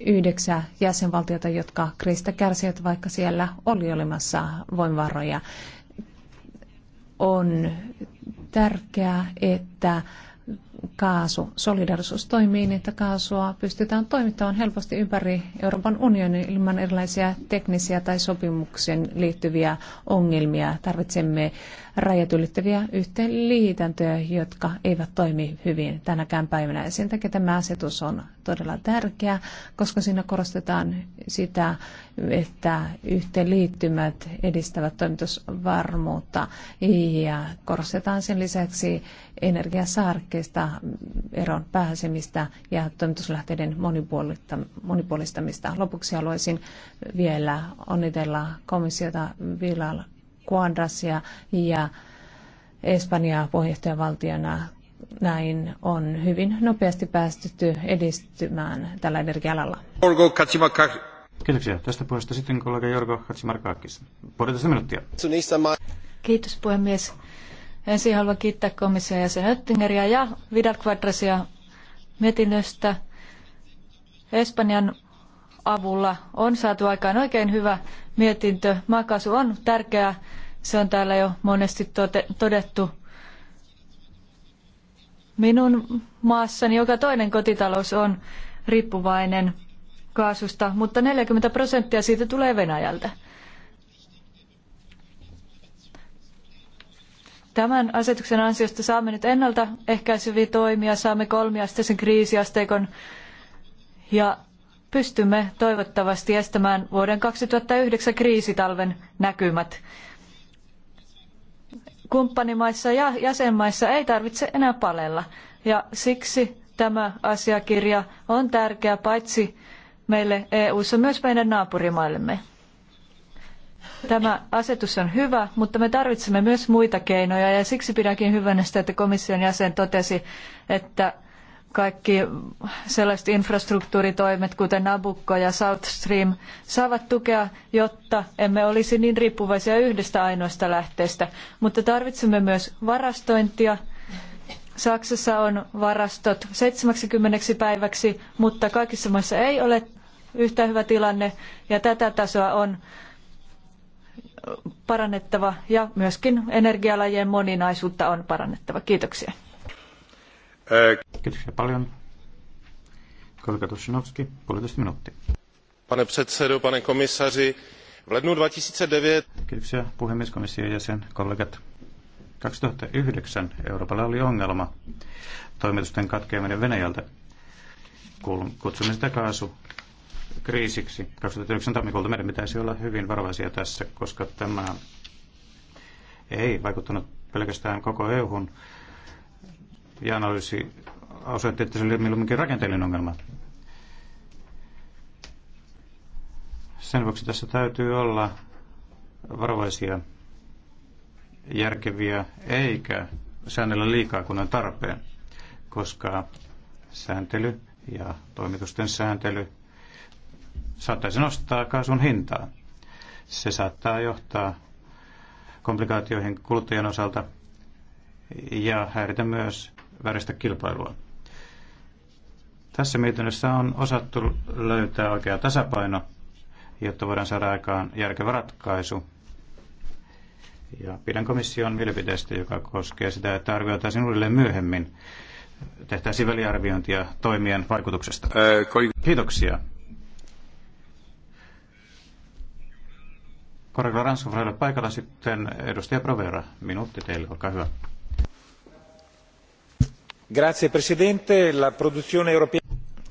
yhdeksän jäsenvaltiota, jotka kriisistä kärsivät, vaikka siellä oli olemassa voimavaroja. On tärkeää, että kaasu niin, että kaasua pystytään toimittamaan helposti ympäri Euroopan unionin ilman erilaisia teknisiä tai sopimuksien liittyviä ongelmia. Tarvitsemme rajat ylittäviä yhteenliitäntöjä, jotka eivät toimi hyvin tänäkään päivänä. Ja sen takia tämä asetus on todella tärkeä, koska siinä korostetaan sitä, että yhteenliittymät edistävät toimitusvarmuutta ja korostetaan sen lisäksi energiasaarekkeista eron pääsemistä ja toimituslähteiden monipuolistamista. Lopuksi haluaisin vielä onnitella komissiota Vilal Quandrasia ja Espanjaa puheenjohtajavaltiona näin on hyvin nopeasti päästetty edistymään tällä energialalla. Kiitoksia. Tästä puheesta sitten kollega Jorgo Katsimarkakis. Puolitoista minuuttia. Kiitos puhemies. Ensin haluan kiittää komission jäsen Höttingeriä ja Vidal Quadrasia mietinnöstä. Espanjan avulla on saatu aikaan oikein hyvä mietintö. Maakaasu on tärkeää, se on täällä jo monesti todettu. Minun maassani joka toinen kotitalous on riippuvainen kaasusta, mutta 40 prosenttia siitä tulee Venäjältä. Tämän asetuksen ansiosta saamme nyt ennalta ehkäiseviä toimia, saamme kolmiasteisen kriisiasteikon ja pystymme toivottavasti estämään vuoden 2009 kriisitalven näkymät. Kumppanimaissa ja jäsenmaissa ei tarvitse enää palella ja siksi tämä asiakirja on tärkeä paitsi meille EU-ssa myös meidän naapurimaillemme. Tämä asetus on hyvä, mutta me tarvitsemme myös muita keinoja ja siksi pidäkin hyvänä sitä, että komission jäsen totesi, että kaikki sellaiset infrastruktuuritoimet, kuten Nabucco ja South Stream, saavat tukea, jotta emme olisi niin riippuvaisia yhdestä ainoasta lähteestä. Mutta tarvitsemme myös varastointia. Saksassa on varastot 70 päiväksi, mutta kaikissa maissa ei ole yhtä hyvä tilanne, ja tätä tasoa on parannettava ja myöskin energialajien moninaisuutta on parannettava. Kiitoksia. Kiitoksia paljon. Kollega Tošinovski, puolitoista minuuttia. Pane předsedo, pane komisaři, v lednu 2009... Kiitoksia puhemieskomission jäsen, kollegat. 2009 Euroopalla oli ongelma toimitusten katkeaminen Venäjältä. Kutsumme sitä kaasu kriisiksi 2009 tammikuulta. Meidän pitäisi olla hyvin varovaisia tässä, koska tämä ei vaikuttanut pelkästään koko EUhun ja analyysi osoitti, että se oli milloinkin rakenteellinen ongelma. Sen vuoksi tässä täytyy olla varovaisia, järkeviä, eikä säännellä liikaa, kun on tarpeen, koska sääntely ja toimitusten sääntely saattaisi nostaa kaasun hintaa. Se saattaa johtaa komplikaatioihin kuluttajan osalta ja häiritä myös väristä kilpailua. Tässä mietinnössä on osattu löytää oikea tasapaino, jotta voidaan saada aikaan järkevä ratkaisu. Ja pidän komission mielipiteestä, joka koskee sitä, että arvioitaisiin uudelleen myöhemmin tehtäisiin väliarviointia toimien vaikutuksesta. Kiitoksia. paikalla sitten edustaja Provera. Minuutti teille, olkaa hyvä. Grazie Presidente. La produzione europea...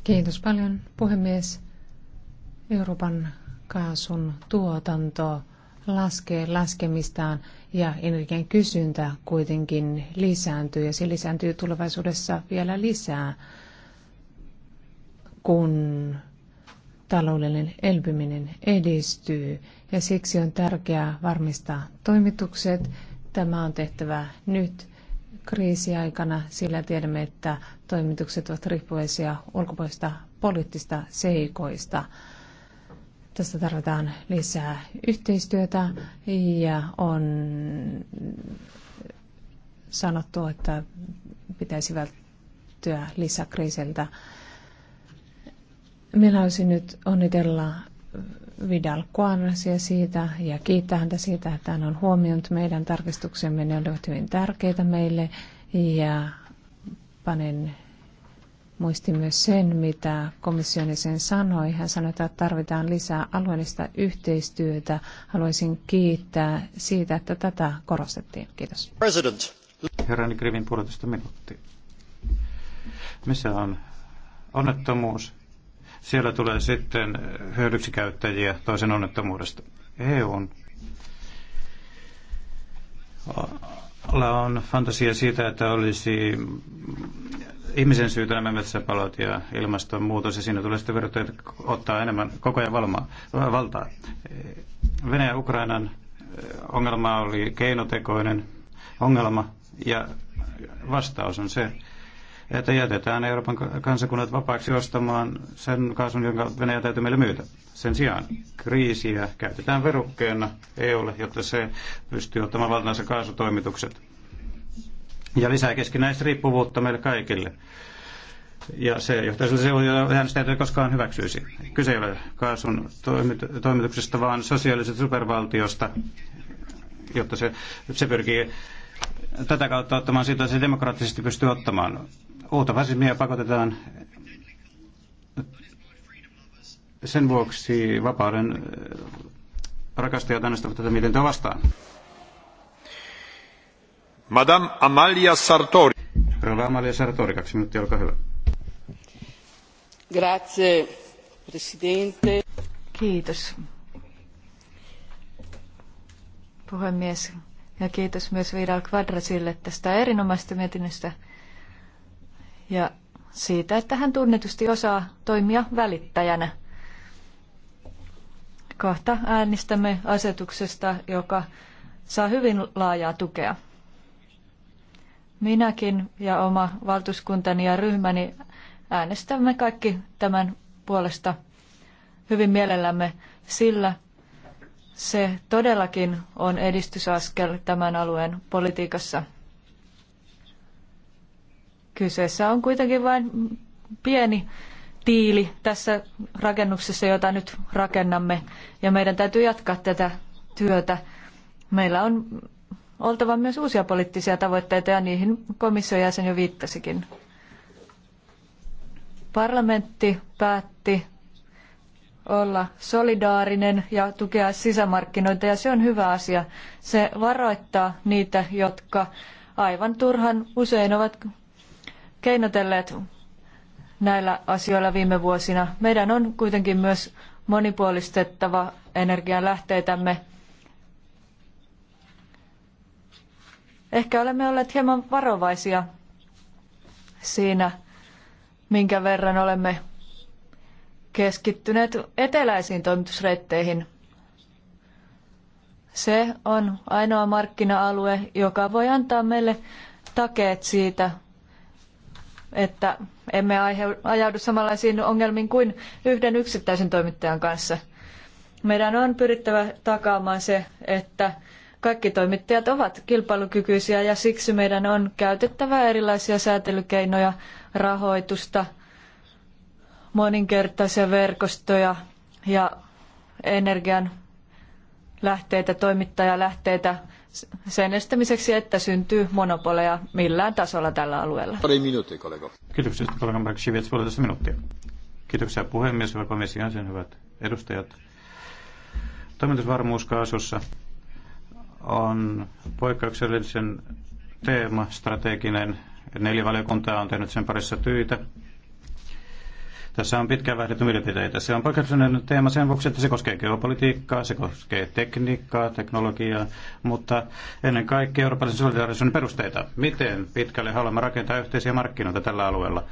Kiitos paljon puhemies. Euroopan kaasun tuotanto laskee laskemistaan ja energian kysyntä kuitenkin lisääntyy ja se lisääntyy tulevaisuudessa vielä lisää, kun taloudellinen elpyminen edistyy ja siksi on tärkeää varmistaa toimitukset. Tämä on tehtävä nyt kriisiaikana, sillä tiedämme, että toimitukset ovat riippuvaisia ulkopuolista poliittista seikoista. Tässä tarvitaan lisää yhteistyötä ja on sanottu, että pitäisi välttyä lisäkriisiltä. Minä olisin nyt onnitella Vidal Quadrasia siitä ja kiittää häntä siitä, että hän on huomioinut meidän tarkistuksemme. Ne olivat hyvin tärkeitä meille ja panen muisti myös sen, mitä komission sen sanoi. Hän sanoi, että tarvitaan lisää alueellista yhteistyötä. Haluaisin kiittää siitä, että tätä korostettiin. Kiitos. President. herra Grivin puolitoista minuuttia. Missä on onnettomuus, siellä tulee sitten käyttäjiä toisen onnettomuudesta. EUn on fantasia siitä, että olisi ihmisen syytä nämä metsäpalot ja ilmastonmuutos, ja siinä tulee sitten että ottaa enemmän koko ajan valmaa, valtaa. Venäjän ja Ukrainan ongelma oli keinotekoinen ongelma, ja vastaus on se, että jätetään Euroopan kansakunnat vapaaksi ostamaan sen kaasun, jonka Venäjä täytyy meille myytä. Sen sijaan kriisiä käytetään verukkeena EUlle, jotta se pystyy ottamaan valtaansa kaasutoimitukset. Ja lisää riippuvuutta meille kaikille. Ja se johtaisi äänestäjät koskaan hyväksyisi. Kyse ei ole kaasun toimit- toimituksesta, vaan sosiaalisesta supervaltiosta, jotta se, se pyrkii tätä kautta ottamaan siitä, että se demokraattisesti pystyy ottamaan uutta fasismia pakotetaan sen vuoksi vapauden äh, rakastajat äänestävät tätä mietintöä vastaan. Madame Amalia Sartori. Rova Amalia Sartori, kaksi minuuttia, olkaa hyvä. Grazie, presidente. Kiitos. Puhemies, ja kiitos myös Vidal Quadrasille tästä erinomaisesta mietinnöstä ja siitä, että hän tunnetusti osaa toimia välittäjänä. Kohta äänestämme asetuksesta, joka saa hyvin laajaa tukea. Minäkin ja oma valtuuskuntani ja ryhmäni äänestämme kaikki tämän puolesta hyvin mielellämme, sillä se todellakin on edistysaskel tämän alueen politiikassa. Kyseessä on kuitenkin vain pieni tiili tässä rakennuksessa, jota nyt rakennamme, ja meidän täytyy jatkaa tätä työtä. Meillä on oltava myös uusia poliittisia tavoitteita, ja niihin komission jäsen jo viittasikin. Parlamentti päätti olla solidaarinen ja tukea sisämarkkinoita, ja se on hyvä asia. Se varoittaa niitä, jotka aivan turhan usein ovat keinotelleet näillä asioilla viime vuosina. Meidän on kuitenkin myös monipuolistettava energianlähteitämme. Ehkä olemme olleet hieman varovaisia siinä, minkä verran olemme keskittyneet eteläisiin toimitusreitteihin. Se on ainoa markkina-alue, joka voi antaa meille takeet siitä, että emme ajaudu samanlaisiin ongelmiin kuin yhden yksittäisen toimittajan kanssa. Meidän on pyrittävä takaamaan se, että kaikki toimittajat ovat kilpailukykyisiä ja siksi meidän on käytettävä erilaisia säätelykeinoja, rahoitusta, moninkertaisia verkostoja ja energian lähteitä, toimittajalähteitä sen estämiseksi, että syntyy monopoleja millään tasolla tällä alueella. Pari minuuttia, kollega. Kiitoksia, kollega Mark puolitoista minuuttia. Kiitoksia puhemies, hyvä komission jäsen, hyvät edustajat. Toimitusvarmuuskaasussa on poikkeuksellisen teema, strateginen. Neljä valiokuntaa on tehnyt sen parissa tyitä. Tässä on pitkään vaihdettu mielipiteitä. Se on poikkeuksellinen teema sen vuoksi, että se koskee geopolitiikkaa, se koskee tekniikkaa, teknologiaa, mutta ennen kaikkea eurooppalaisen solidaarisuuden perusteita. Miten pitkälle haluamme rakentaa yhteisiä markkinoita tällä alueella?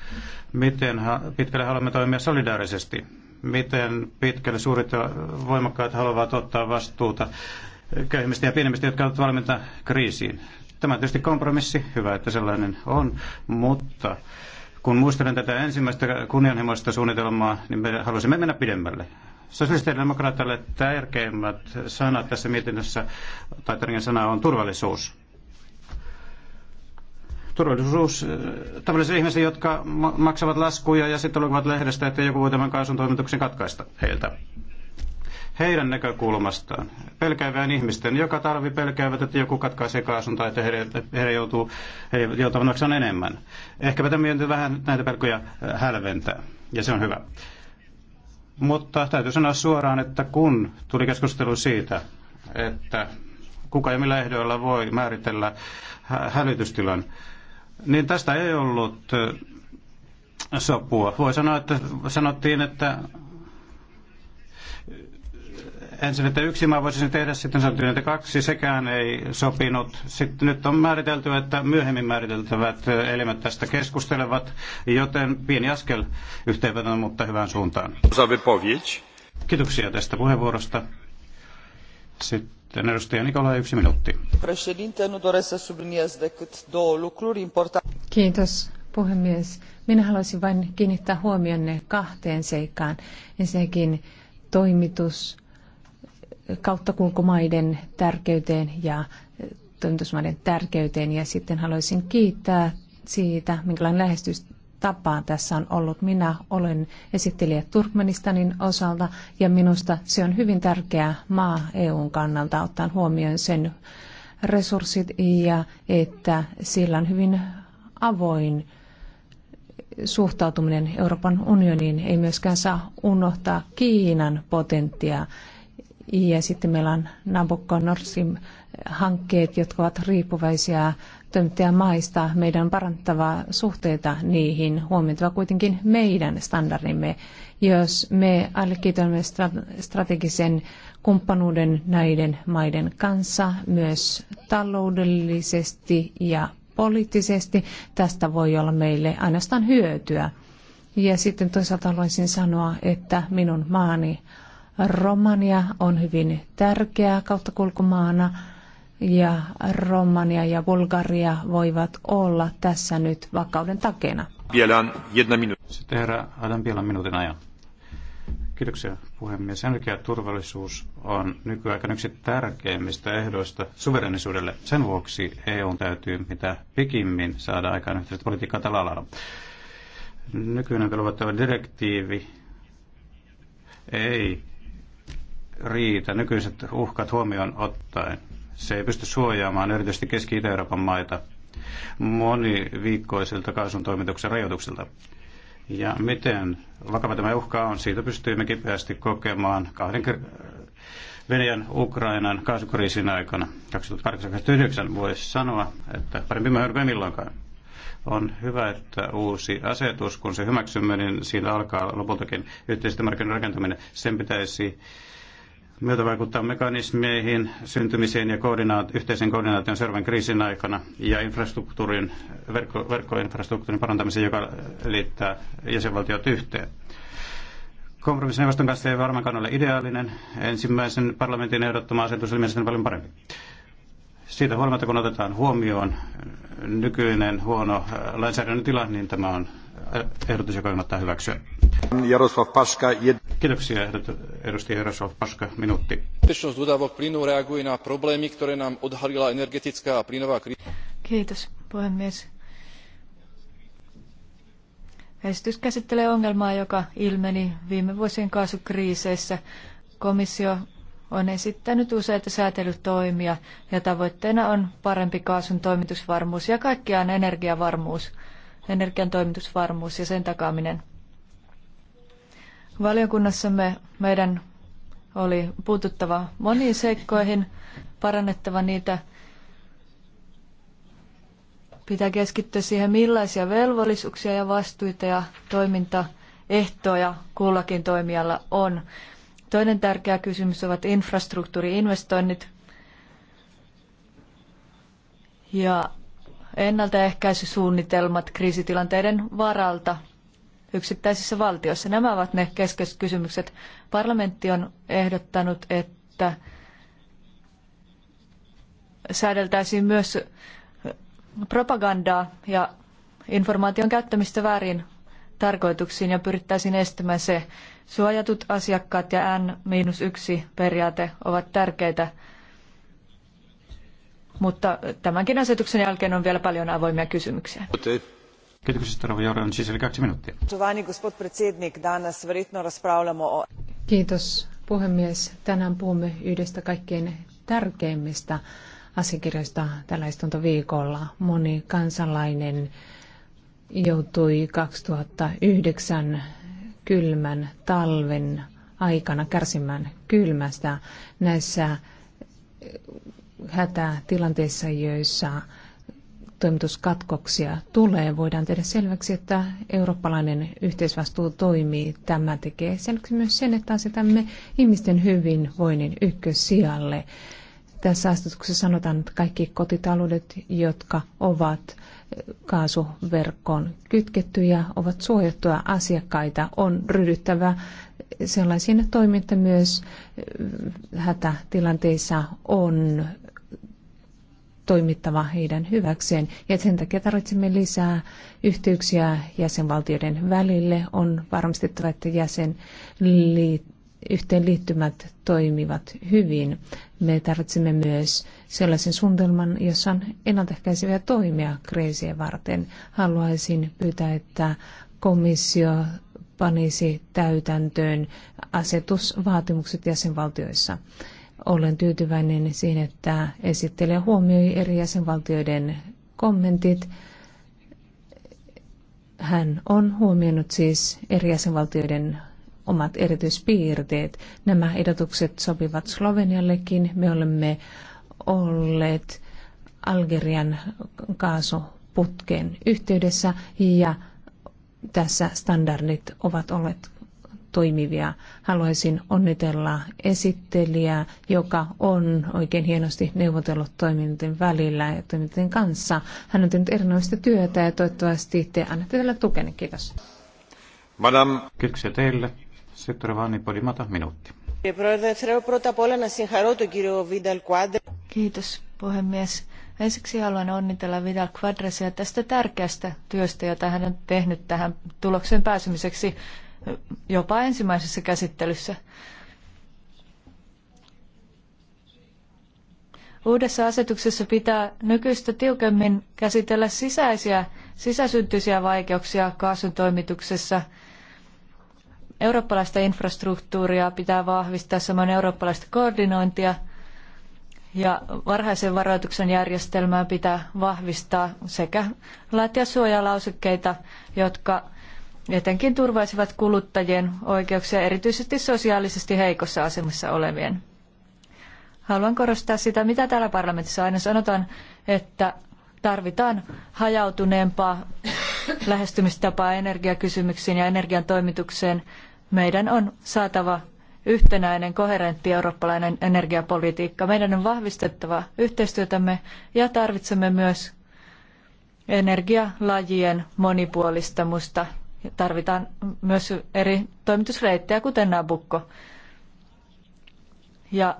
Miten pitkälle haluamme toimia solidaarisesti? Miten pitkälle suurit ja voimakkaat haluavat ottaa vastuuta köyhimmistä ja pienemmistä, jotka ovat valmiita kriisiin? Tämä on tietysti kompromissi, hyvä, että sellainen on, mutta kun muistelen tätä ensimmäistä kunnianhimoista suunnitelmaa, niin me halusimme mennä pidemmälle. Sosialistidemokraatille tärkeimmät sanat tässä mietinnössä, tai tärkein sana on turvallisuus. Turvallisuus äh, tavallisille ihmisille, jotka maksavat laskuja ja sitten lukevat lehdestä, että joku voi tämän kaasun toimituksen katkaista heiltä heidän näkökulmastaan, pelkäävään ihmisten, joka tarvi pelkäävät, että joku katkaisee kaasun tai että he, he, joutuu, he joutuvat on enemmän. Ehkäpä tämä vähän näitä pelkoja äh, hälventää, ja se on hyvä. Mutta täytyy sanoa suoraan, että kun tuli keskustelu siitä, että kuka ja millä ehdoilla voi määritellä hälytystilan, niin tästä ei ollut äh, sopua. Voi sanoa, että sanottiin, että ensin, että yksi maa voisi sen tehdä, sitten sanottiin, että kaksi, sekään ei sopinut. Sitten nyt on määritelty, että myöhemmin määriteltävät elimet tästä keskustelevat, joten pieni askel yhteenvetona, mutta hyvään suuntaan. Kiitoksia tästä puheenvuorosta. Sitten edustaja Nikolai, yksi minuutti. Kiitos puhemies. Minä haluaisin vain kiinnittää huomionne kahteen seikkaan. Ensinnäkin toimitus kauttakulkumaiden tärkeyteen ja eh, toimitusmaiden tärkeyteen. Ja sitten haluaisin kiittää siitä, minkälainen lähestystapa tässä on ollut. Minä olen esittelijä Turkmenistanin osalta ja minusta se on hyvin tärkeä maa EUn kannalta ottaen huomioon sen resurssit ja että sillä on hyvin avoin suhtautuminen Euroopan unioniin. Ei myöskään saa unohtaa Kiinan potentiaa ja sitten meillä on Nabucco Norsim hankkeet, jotka ovat riippuvaisia maista. Meidän on parantava suhteita niihin, huomioitava kuitenkin meidän standardimme. Jos me allekirjoitamme strategisen kumppanuuden näiden maiden kanssa myös taloudellisesti ja poliittisesti, tästä voi olla meille ainoastaan hyötyä. Ja sitten toisaalta haluaisin sanoa, että minun maani Romania on hyvin tärkeä kauttakulkumaana ja Romania ja Bulgaria voivat olla tässä nyt vakauden takena. Bielan, jedna minuut. Sitten herra Adam vielä minuutin ajan. Kiitoksia puhemies. Energiaturvallisuus on nykyaikana yksi tärkeimmistä ehdoista suverenisuudelle. Sen vuoksi EU täytyy mitä pikimmin saada aikaan yhteistä politiikkaa tällä alalla. Nykyinen velvoittava direktiivi ei riitä nykyiset uhkat huomioon ottaen. Se ei pysty suojaamaan erityisesti Keski-Itä-Euroopan maita moniviikkoisilta kaasun toimituksen rajoituksilta. Ja miten vakava tämä uhka on, siitä pystyimme kipeästi kokemaan kahden Venäjän Ukrainan kaasukriisin aikana 2008-2009 voisi sanoa, että parempi myöhemmin milloinkaan. On hyvä, että uusi asetus, kun se hyväksymme, niin siitä alkaa lopultakin yhteisten markkinoiden rakentaminen. Sen pitäisi myötä mekanismeihin, syntymiseen ja koordinaat, yhteisen koordinaation seuraavan kriisin aikana ja infrastruktuurin, verkko, verkkoinfrastruktuurin parantamiseen, joka liittää jäsenvaltiot yhteen. Kompromissineuvoston kanssa ei varmaankaan ole ideaalinen. Ensimmäisen parlamentin ehdottama asetus oli mielestäni paljon parempi. Siitä huolimatta, kun otetaan huomioon nykyinen huono äh, lainsäädännön tila, niin tämä on ehdotus, joka kannattaa hyväksyä. Jaroslav Paska. Jed... Kiitoksia, edustaja Jaroslav Paska. Minuutti. Bezpečnosť dodávok plynu reaguje na problémy, ktoré nám odhalila energetická a plynová kriisi. Kiitos, puhemies. Esitys käsittelee ongelmaa, joka ilmeni viime vuosien kaasukriiseissä. Komissio on esittänyt useita säätelytoimia ja tavoitteena on parempi kaasun toimitusvarmuus ja kaikkiaan energiavarmuus energian toimitusvarmuus ja sen takaaminen. Valiokunnassamme meidän oli puututtava moniin seikkoihin, parannettava niitä. Pitää keskittyä siihen, millaisia velvollisuuksia ja vastuita ja toimintaehtoja kullakin toimijalla on. Toinen tärkeä kysymys ovat infrastruktuuriinvestoinnit. Ja ennaltaehkäisysuunnitelmat kriisitilanteiden varalta yksittäisissä valtioissa. Nämä ovat ne keskeiset kysymykset. Parlamentti on ehdottanut, että säädeltäisiin myös propagandaa ja informaation käyttämistä väärin tarkoituksiin ja pyrittäisiin estämään se. Suojatut asiakkaat ja N-1 periaate ovat tärkeitä mutta tämänkin asetuksen jälkeen on vielä paljon avoimia kysymyksiä. Siis kaksi minuuttia. Kiitos, puhemies. Tänään puhumme yhdestä kaikkein tärkeimmistä asiakirjoista tällä istuntoviikolla. Moni kansalainen joutui 2009 kylmän talven aikana kärsimään kylmästä. Näissä hätätilanteissa, tilanteissa, joissa toimituskatkoksia tulee, voidaan tehdä selväksi, että eurooppalainen yhteisvastuu toimii. Tämä tekee selväksi myös sen, että asetamme ihmisten hyvinvoinnin ykkössijalle. Tässä asetuksessa sanotaan, että kaikki kotitaloudet, jotka ovat kaasuverkkoon kytkettyjä, ovat suojattuja asiakkaita, on ryhdyttävä sellaisiin toimiin, että myös hätätilanteissa on toimittava heidän hyväkseen. Ja sen takia tarvitsemme lisää yhteyksiä jäsenvaltioiden välille. On varmistettava, että jäsenyhteenliittymät toimivat hyvin. Me tarvitsemme myös sellaisen suunnitelman, jossa on ennaltaehkäiseviä toimia kriisien varten. Haluaisin pyytää, että komissio panisi täytäntöön asetusvaatimukset jäsenvaltioissa. Olen tyytyväinen siihen, että esittelijä huomioi eri jäsenvaltioiden kommentit. Hän on huomioinut siis eri jäsenvaltioiden omat erityispiirteet. Nämä ehdotukset sopivat Sloveniallekin. Me olemme olleet Algerian kaasuputken yhteydessä ja tässä standardit ovat olleet toimivia. Haluaisin onnitella esittelijää, joka on oikein hienosti neuvotellut toimintojen välillä ja toimintojen kanssa. Hän on tehnyt erinomaista työtä ja toivottavasti te annatte tällä tukenne. Kiitos. Madame. Kiitoksia teille. Sitten Rovani Podimata, minuutti. Kiitos puhemies. Ensiksi haluan onnitella Vidal Quadrasia tästä tärkeästä työstä, jota hän on tehnyt tähän tulokseen pääsemiseksi jopa ensimmäisessä käsittelyssä. Uudessa asetuksessa pitää nykyistä tiukemmin käsitellä sisäisiä, sisäsyntyisiä vaikeuksia kaasun toimituksessa. Eurooppalaista infrastruktuuria pitää vahvistaa, samoin eurooppalaista koordinointia ja varhaisen varoituksen järjestelmää pitää vahvistaa sekä laatia suojalausekkeita, jotka etenkin turvaisivat kuluttajien oikeuksia erityisesti sosiaalisesti heikossa asemassa olevien. Haluan korostaa sitä, mitä täällä parlamentissa aina sanotaan, että tarvitaan hajautuneempaa lähestymistapaa energiakysymyksiin ja energian toimitukseen. Meidän on saatava yhtenäinen, koherentti eurooppalainen energiapolitiikka. Meidän on vahvistettava yhteistyötämme ja tarvitsemme myös energialajien monipuolistamusta Tarvitaan myös eri toimitusreittejä, kuten nabukko. Ja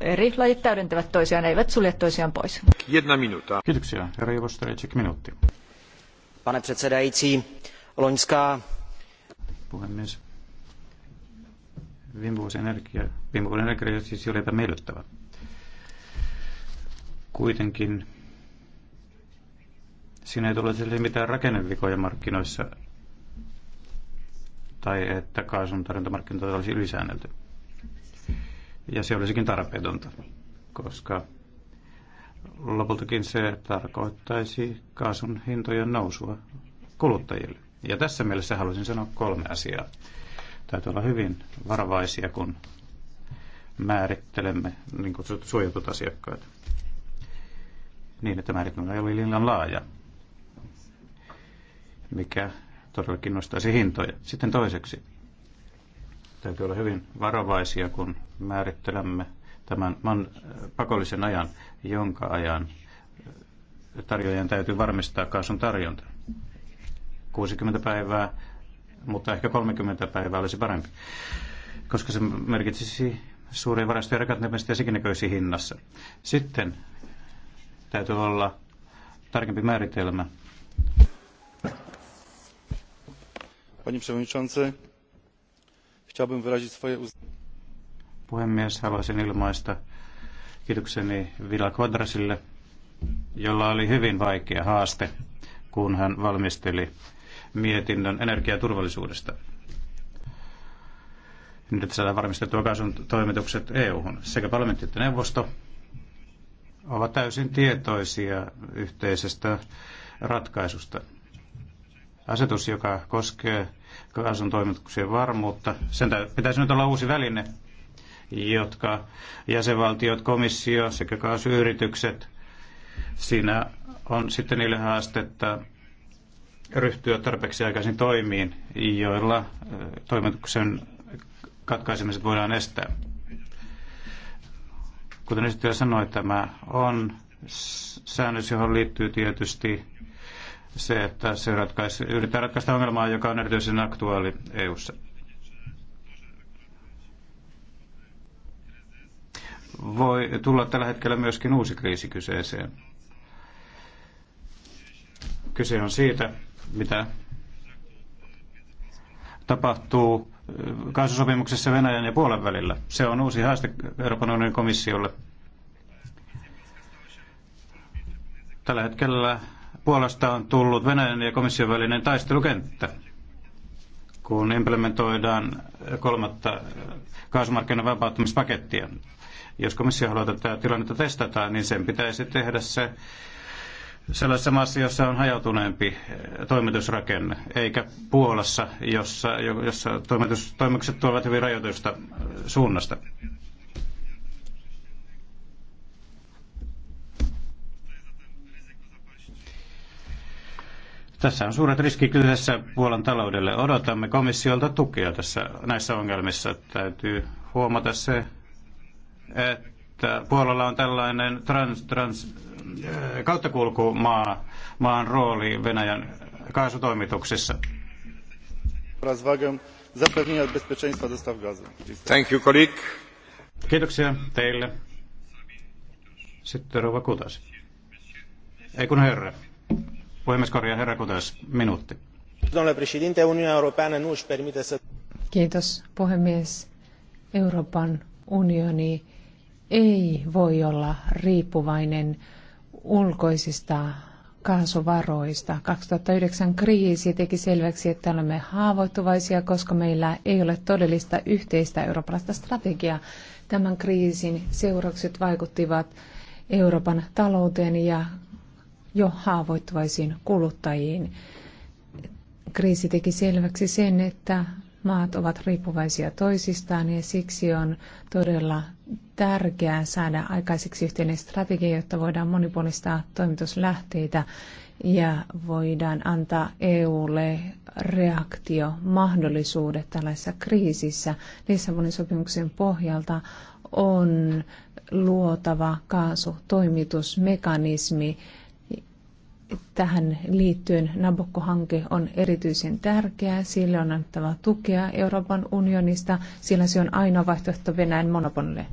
eri lajit täydentävät toisiaan, eivät sulje toisiaan pois. Jedna minuta. Kiitoksia. Herra Ivostrejczyk, minuutti. Pane předsedající, loňská... Puhemies. Viime vuosi energia, viime vuosi energia siis oli epämiellyttävä. Kuitenkin siinä ei tule mitään rakennevikoja markkinoissa tai että kaasun tarjontamarkkinoita olisi ylisäännelty. Ja se olisikin tarpeetonta, koska lopultakin se tarkoittaisi kaasun hintojen nousua kuluttajille. Ja tässä mielessä haluaisin sanoa kolme asiaa. Täytyy olla hyvin varovaisia, kun määrittelemme niin kutsutut suojatut asiakkaat niin, että määritelmä ei ole liian laaja, mikä todellakin nostaisi hintoja. Sitten toiseksi, täytyy olla hyvin varovaisia, kun määrittelemme tämän man, pakollisen ajan, jonka ajan tarjoajan täytyy varmistaa kaasun tarjonta. 60 päivää, mutta ehkä 30 päivää olisi parempi, koska se merkitsisi suuria varastoja rakentamista ja sikinäköisiä hinnassa. Sitten täytyy olla tarkempi määritelmä Panie przewodniczący, chciałbym wyrazić swoje Puhemies, haluaisin ilmaista kiitokseni Vila Quadrasille, jolla oli hyvin vaikea haaste, kun hän valmisteli mietinnön energiaturvallisuudesta. Nyt saadaan varmistettua kaasun toimitukset EU-hun. Sekä parlamentti että neuvosto ovat täysin tietoisia yhteisestä ratkaisusta asetus, joka koskee kaasun toimituksien varmuutta. Sen pitäisi nyt olla uusi väline, jotka jäsenvaltiot, komissio sekä kaasuyritykset, siinä on sitten niille haastetta ryhtyä tarpeeksi aikaisin toimiin, joilla toimituksen katkaisemiset voidaan estää. Kuten esittäjä sanoi, tämä on säännös, johon liittyy tietysti se, että se ratkaisi, yrittää ratkaista ongelmaa, joka on erityisen aktuaali EU:ssa. Voi tulla tällä hetkellä myöskin uusi kriisi kyseeseen. Kyse on siitä, mitä tapahtuu kaasusopimuksessa Venäjän ja Puolan välillä. Se on uusi haaste Euroopan unionin komissiolle. Tällä hetkellä Puolasta on tullut Venäjän ja komission välinen taistelukenttä, kun implementoidaan kolmatta kaasumarkkinoiden vapauttamispakettia. Jos komissio haluaa tätä tilannetta testata, niin sen pitäisi tehdä se sellaisessa maassa, jossa on hajautuneempi toimitusrakenne, eikä Puolassa, jossa, jossa toimitus, toimitukset tuovat hyvin rajoitusta suunnasta. Tässä on suuret riskit kyseessä Puolan taloudelle. Odotamme komissiolta tukea tässä, näissä ongelmissa. Täytyy huomata se, että Puolalla on tällainen trans, trans, äh, kauttakulkumaa, maan rooli Venäjän kaasutoimituksissa. Thank you, colleague. Kiitoksia teille. Sitten rouva Kutas. Ei kun herra herra minuutti. Kiitos puhemies. Euroopan unioni ei voi olla riippuvainen ulkoisista kaasuvaroista. 2009 kriisi teki selväksi, että olemme haavoittuvaisia, koska meillä ei ole todellista yhteistä eurooppalaista strategiaa. Tämän kriisin seuraukset vaikuttivat Euroopan talouteen ja jo haavoittuvaisiin kuluttajiin. Kriisi teki selväksi sen, että maat ovat riippuvaisia toisistaan ja siksi on todella tärkeää saada aikaiseksi yhteinen strategia, jotta voidaan monipuolistaa toimituslähteitä ja voidaan antaa EUlle reaktiomahdollisuudet tällaisessa kriisissä. Lissabonin sopimuksen pohjalta on luotava kaasutoimitusmekanismi, Tähän liittyen Nabokko-hanke on erityisen tärkeä. Sille on annettava tukea Euroopan unionista, sillä se on ainoa vaihtoehto Venäjän monopolille.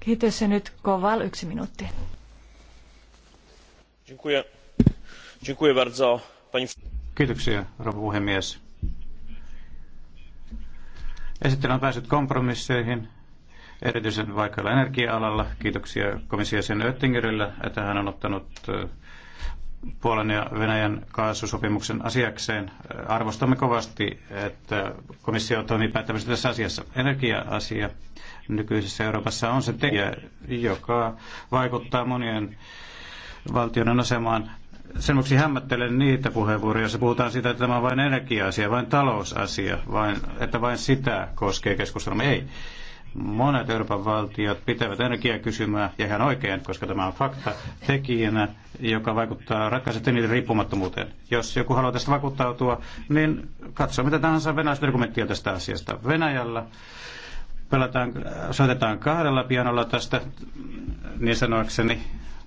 Kiitos ja nyt Koval, yksi minuutti. Kiitoksia, rouva puhemies. Esittely on päässyt kompromisseihin erityisen vaikealla energia-alalla. Kiitoksia komission sen Oettingerille, että hän on ottanut Puolan ja Venäjän kaasusopimuksen asiakseen. Arvostamme kovasti, että komissio toimii päättävästi tässä asiassa. Energia-asia nykyisessä Euroopassa on se tekijä, joka vaikuttaa monien valtioiden asemaan. Sen vuoksi hämmättelen niitä puheenvuoroja, joissa puhutaan siitä, että tämä on vain energia-asia, vain talousasia, vain, että vain sitä koskee keskustelua. Ei Monet Euroopan valtiot pitävät energiakysymää, ja ihan oikein, koska tämä on fakta, tekijänä, joka vaikuttaa ratkaisesti niiden riippumattomuuteen. Jos joku haluaa tästä vakuuttautua, niin katsoa, mitä tahansa venäläistä dokumenttia tästä asiasta. Venäjällä pelataan, soitetaan kahdella pianolla tästä, niin sanoakseni,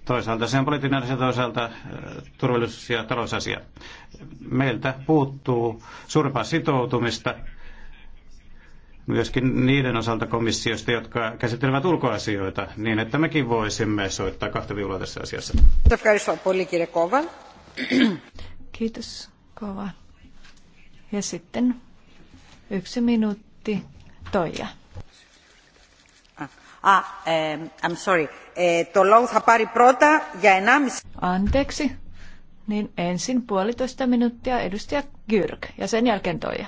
toisaalta se on poliittinen asia, toisaalta äh, turvallisuus- ja talousasia. Meiltä puuttuu suurempaa sitoutumista myöskin niiden osalta komissiosta, jotka käsittelevät ulkoasioita, niin että mekin voisimme soittaa kahta viulua tässä asiassa. Kiitos kova. Ja sitten yksi minuutti Toija. Ah, I'm sorry. Eh, το λόγο θα πάρει πρώτα Anteeksi. Niin ensin puolitoista minuuttia edustaja Gyrk ja sen jälkeen Toija.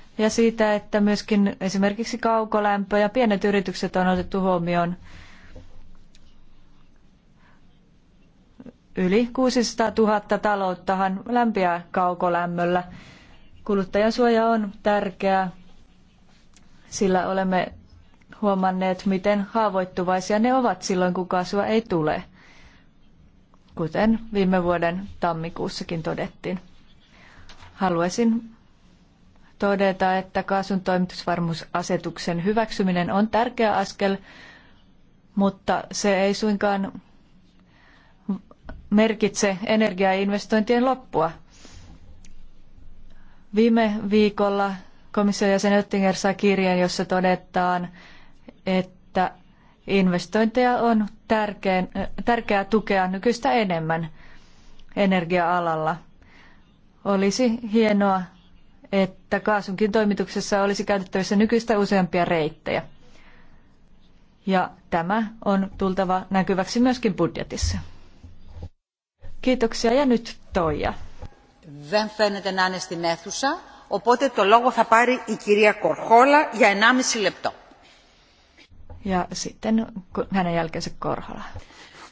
ja siitä, että myöskin esimerkiksi kaukolämpö ja pienet yritykset on otettu huomioon. Yli 600 000 talouttahan lämpiää kaukolämmöllä. Kuluttajansuoja on tärkeää, sillä olemme huomanneet, miten haavoittuvaisia ne ovat silloin, kun kaasua ei tule, kuten viime vuoden tammikuussakin todettiin. Haluaisin todeta, että kaasun toimitusvarmuusasetuksen hyväksyminen on tärkeä askel, mutta se ei suinkaan merkitse energiainvestointien loppua. Viime viikolla komission jäsen Oettinger sai kirjeen, jossa todetaan, että investointeja on tärkeää tukea nykyistä enemmän energia-alalla. Olisi hienoa että kaasunkin toimituksessa olisi käytettävissä nykyistä useampia reittejä. Ja tämä on tultava näkyväksi myöskin budjetissa. Kiitoksia ja nyt Toija. Δεν φαίνεται να είναι στην αίθουσα, οπότε το λόγο θα πάρει η κυρία Κορχόλα για 1,5 λεπτό. Ja sitten hänen jälkeensä Korhola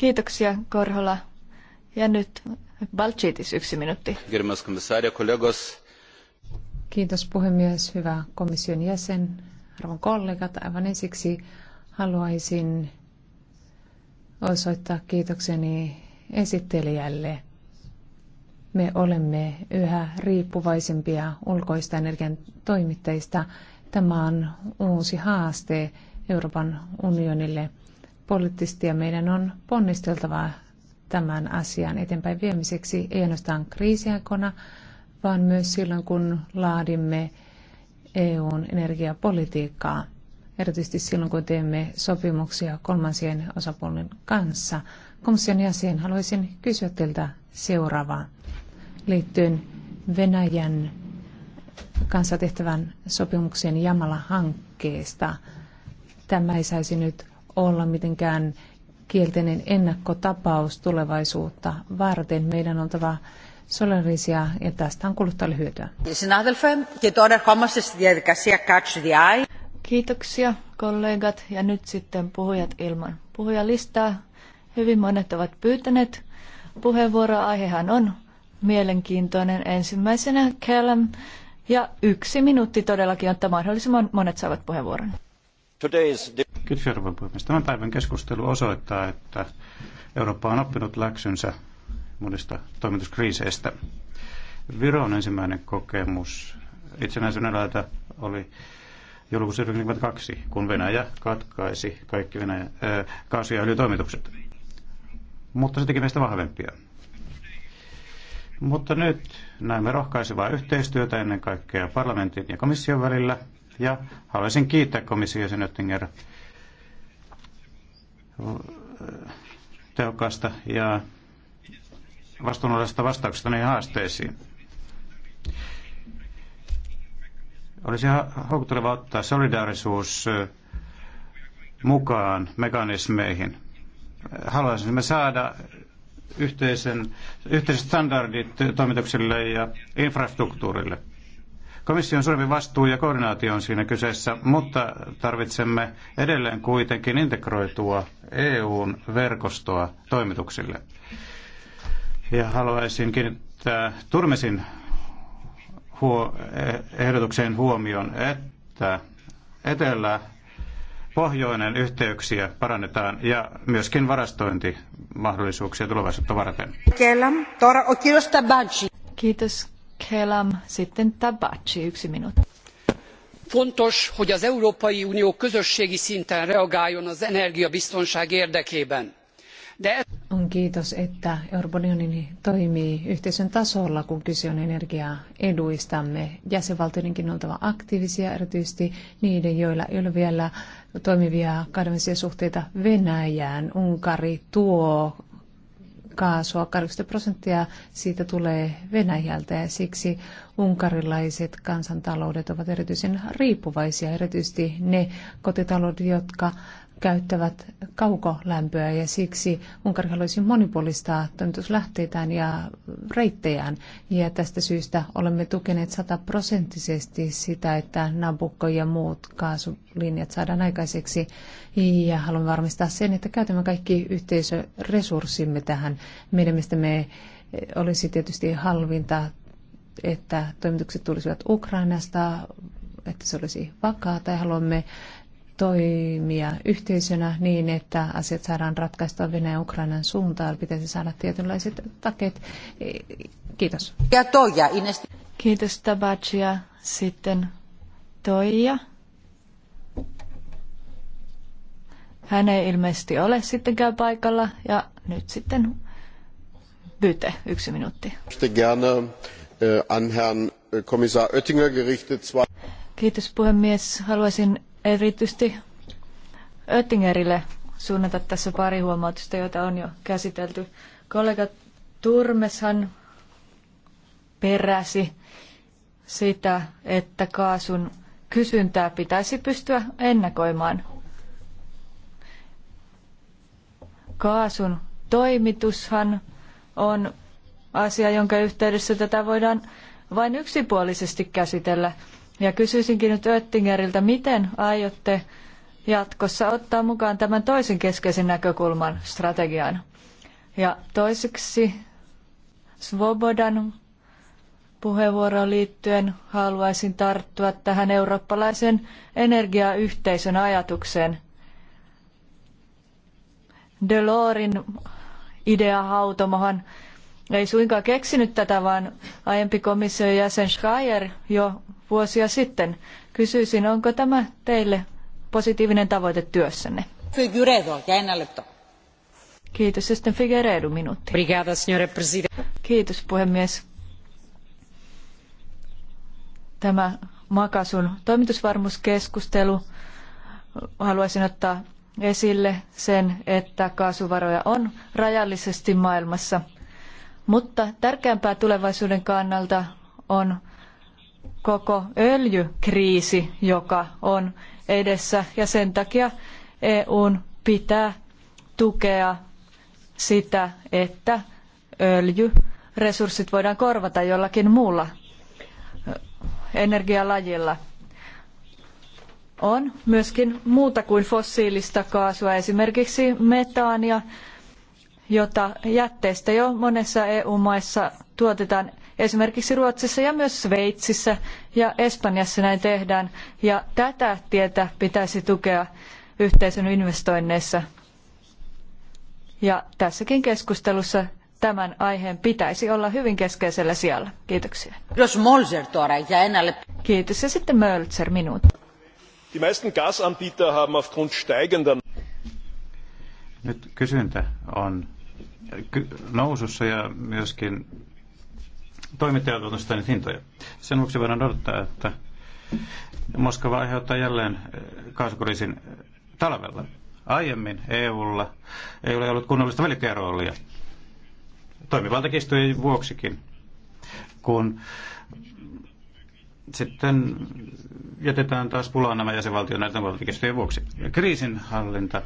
Kiitoksia Korhola. Ja nyt Balchitis yksi minuutti. Kiitos puhemies, hyvä komission jäsen, arvon kollegat. Aivan ensiksi haluaisin osoittaa kiitokseni esittelijälle. Me olemme yhä riippuvaisempia ulkoista energian toimittajista. Tämä on uusi haaste Euroopan unionille – poliittisesti ja meidän on ponnisteltava tämän asian eteenpäin viemiseksi, ei ainoastaan kriisiaikona, vaan myös silloin, kun laadimme EUn energiapolitiikkaa, erityisesti silloin, kun teemme sopimuksia kolmansien osapuolen kanssa. Komission jäsen haluaisin kysyä teiltä seuraavaa liittyen Venäjän kanssa tehtävän sopimuksen Jamala-hankkeesta. Tämä ei saisi nyt olla mitenkään kielteinen ennakkotapaus tulevaisuutta varten. Meidän on oltava solarisia ja tästä on kuluttajalle hyötyä. Kiitoksia kollegat ja nyt sitten puhujat ilman puhujalistaa. Hyvin monet ovat pyytäneet puheenvuoroa. Aihehan on mielenkiintoinen. Ensimmäisenä Callum ja yksi minuutti todellakin, jotta mahdollisimman monet saavat puheenvuoron. Today's Kiitos, Euroopan puhemies. Tämän päivän keskustelu osoittaa, että Eurooppa on oppinut läksynsä monista toimituskriiseistä. Viron ensimmäinen kokemus itsenäisyyden ajalta oli joulukuussa 1992, kun Venäjä katkaisi kaikki Venäjä, äh, kaasu- ja öljytoimitukset. Mutta se teki meistä vahvempia. Mutta nyt näemme rohkaisevaa yhteistyötä ennen kaikkea parlamentin ja komission välillä. Ja haluaisin kiittää komissio jäsen tehokkaasta ja vastuunalaisesta vastauksesta niihin haasteisiin. Olisi houkutteleva ottaa solidaarisuus mukaan mekanismeihin. Haluaisimme saada yhteisen, yhteiset standardit toimituksille ja infrastruktuurille. Komission suurempi vastuu ja koordinaatio on siinä kyseessä, mutta tarvitsemme edelleen kuitenkin integroitua EUn verkostoa toimituksille. Ja haluaisin kiinnittää Turmesin huo- ehdotukseen huomion, että etelä pohjoinen yhteyksiä parannetaan ja myöskin varastointimahdollisuuksia tulevaisuutta varten. Kiitos. Kelam, sitten yksi minuutti. Fontos, hogy az Európai Unió közösségi szinten reagáljon az energiabiztonság érdekében. De... On kiitos, että Euroopan unioni toimii yhteisön tasolla, kun kyse on energiaa eduistamme. Jäsenvaltioidenkin on oltava aktiivisia, erityisesti niiden, joilla ei ole vielä toimivia kahdenvälisiä suhteita Venäjään. Unkari tuo kaasua. 80 prosenttia siitä tulee Venäjältä ja siksi unkarilaiset kansantaloudet ovat erityisen riippuvaisia, erityisesti ne kotitaloudet, jotka käyttävät kaukolämpöä ja siksi Unkari haluaisi monipuolistaa toimituslähteitään ja reittejään. Ja tästä syystä olemme tukeneet sataprosenttisesti sitä, että Nabucco ja muut kaasulinjat saadaan aikaiseksi. Ja haluan varmistaa sen, että käytämme kaikki yhteisöresurssimme tähän. Meidän me olisi tietysti halvinta, että toimitukset tulisivat Ukrainasta, että se olisi vakaata ja haluamme toimia yhteisönä niin, että asiat saadaan ratkaistua Venäjän ja Ukrainan suuntaan. Pitäisi saada tietynlaiset taket. Kiitos. Ja Toija, Inesti. Kiitos Tabacia. Sitten Toija. Hän ei ilmeisesti ole sittenkään paikalla ja nyt sitten Byte, yksi minuutti. Äh, Kiitos puhemies. Haluaisin erityisesti Oettingerille suunnata tässä pari huomautusta, joita on jo käsitelty. Kollega Turmeshan peräsi sitä, että kaasun kysyntää pitäisi pystyä ennakoimaan. Kaasun toimitushan on asia, jonka yhteydessä tätä voidaan vain yksipuolisesti käsitellä. Ja kysyisinkin nyt Oettingeriltä, miten aiotte jatkossa ottaa mukaan tämän toisen keskeisen näkökulman strategiaan? Ja toiseksi Svobodan puheenvuoroon liittyen haluaisin tarttua tähän eurooppalaisen energiayhteisön ajatukseen. Delorin idea hautomohan ei suinkaan keksinyt tätä, vaan aiempi komission jäsen Schreier jo vuosia sitten. Kysyisin, onko tämä teille positiivinen tavoite työssänne? Figueredo, ja Kiitos. Ja sitten Figueredo minuutti. Brigada, signore presidente. Kiitos, puhemies. Tämä Makasun toimitusvarmuuskeskustelu. Haluaisin ottaa esille sen, että kaasuvaroja on rajallisesti maailmassa. Mutta tärkeämpää tulevaisuuden kannalta on koko öljykriisi, joka on edessä ja sen takia EUn pitää tukea sitä, että öljyresurssit voidaan korvata jollakin muulla energialajilla. On myöskin muuta kuin fossiilista kaasua, esimerkiksi metaania, jota jätteistä jo monessa EU-maissa tuotetaan Esimerkiksi Ruotsissa ja myös Sveitsissä ja Espanjassa näin tehdään. Ja tätä tietä pitäisi tukea yhteisön investoinneissa. Ja tässäkin keskustelussa tämän aiheen pitäisi olla hyvin keskeisellä sijalla. Kiitoksia. Kiitos. Ja sitten Mölzer, minuutti. Die meisten Gasanbieter haben aufgrund steigender... Nyt kysyntä on nousussa ja myöskin toimittajat ovat nostaneet hintoja. Sen vuoksi voidaan odottaa, että Moskova aiheuttaa jälleen eh, kaasukriisin eh, talvella. Aiemmin EUlla ei ole ollut kunnollista välittäjäroolia toimivaltakistojen vuoksikin, kun sitten jätetään taas pulaan nämä jäsenvaltion näiden valtakistojen vuoksi. Kriisinhallinta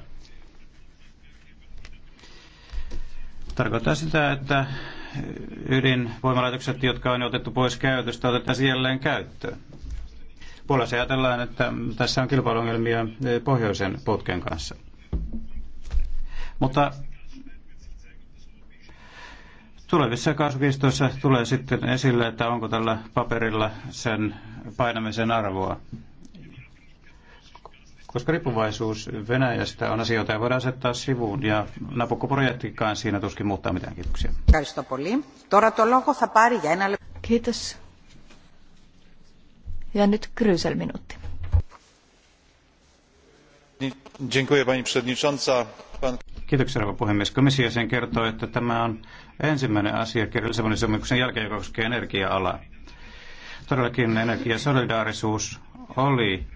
tarkoittaa sitä, että ydinvoimalaitokset, jotka on otettu pois käytöstä, otettaisiin jälleen käyttöön. Puolassa ajatellaan, että tässä on kilpailuongelmia pohjoisen putken kanssa. Mutta tulevissa kaasukiistoissa tulee sitten esille, että onko tällä paperilla sen painamisen arvoa koska riippuvaisuus Venäjästä on asia, ja voidaan asettaa sivuun, ja Napokko-projektikaan siinä tuskin muuttaa mitään. Kiitoksia. Kiitos. Ja nyt Kryysel minuutti. Kiitoksia, rouva puhemies. Komissio sen kertoo, että tämä on ensimmäinen asia, Lissabonin jälkeen, joka koskee energia-alaa. Todellakin energiasolidaarisuus oli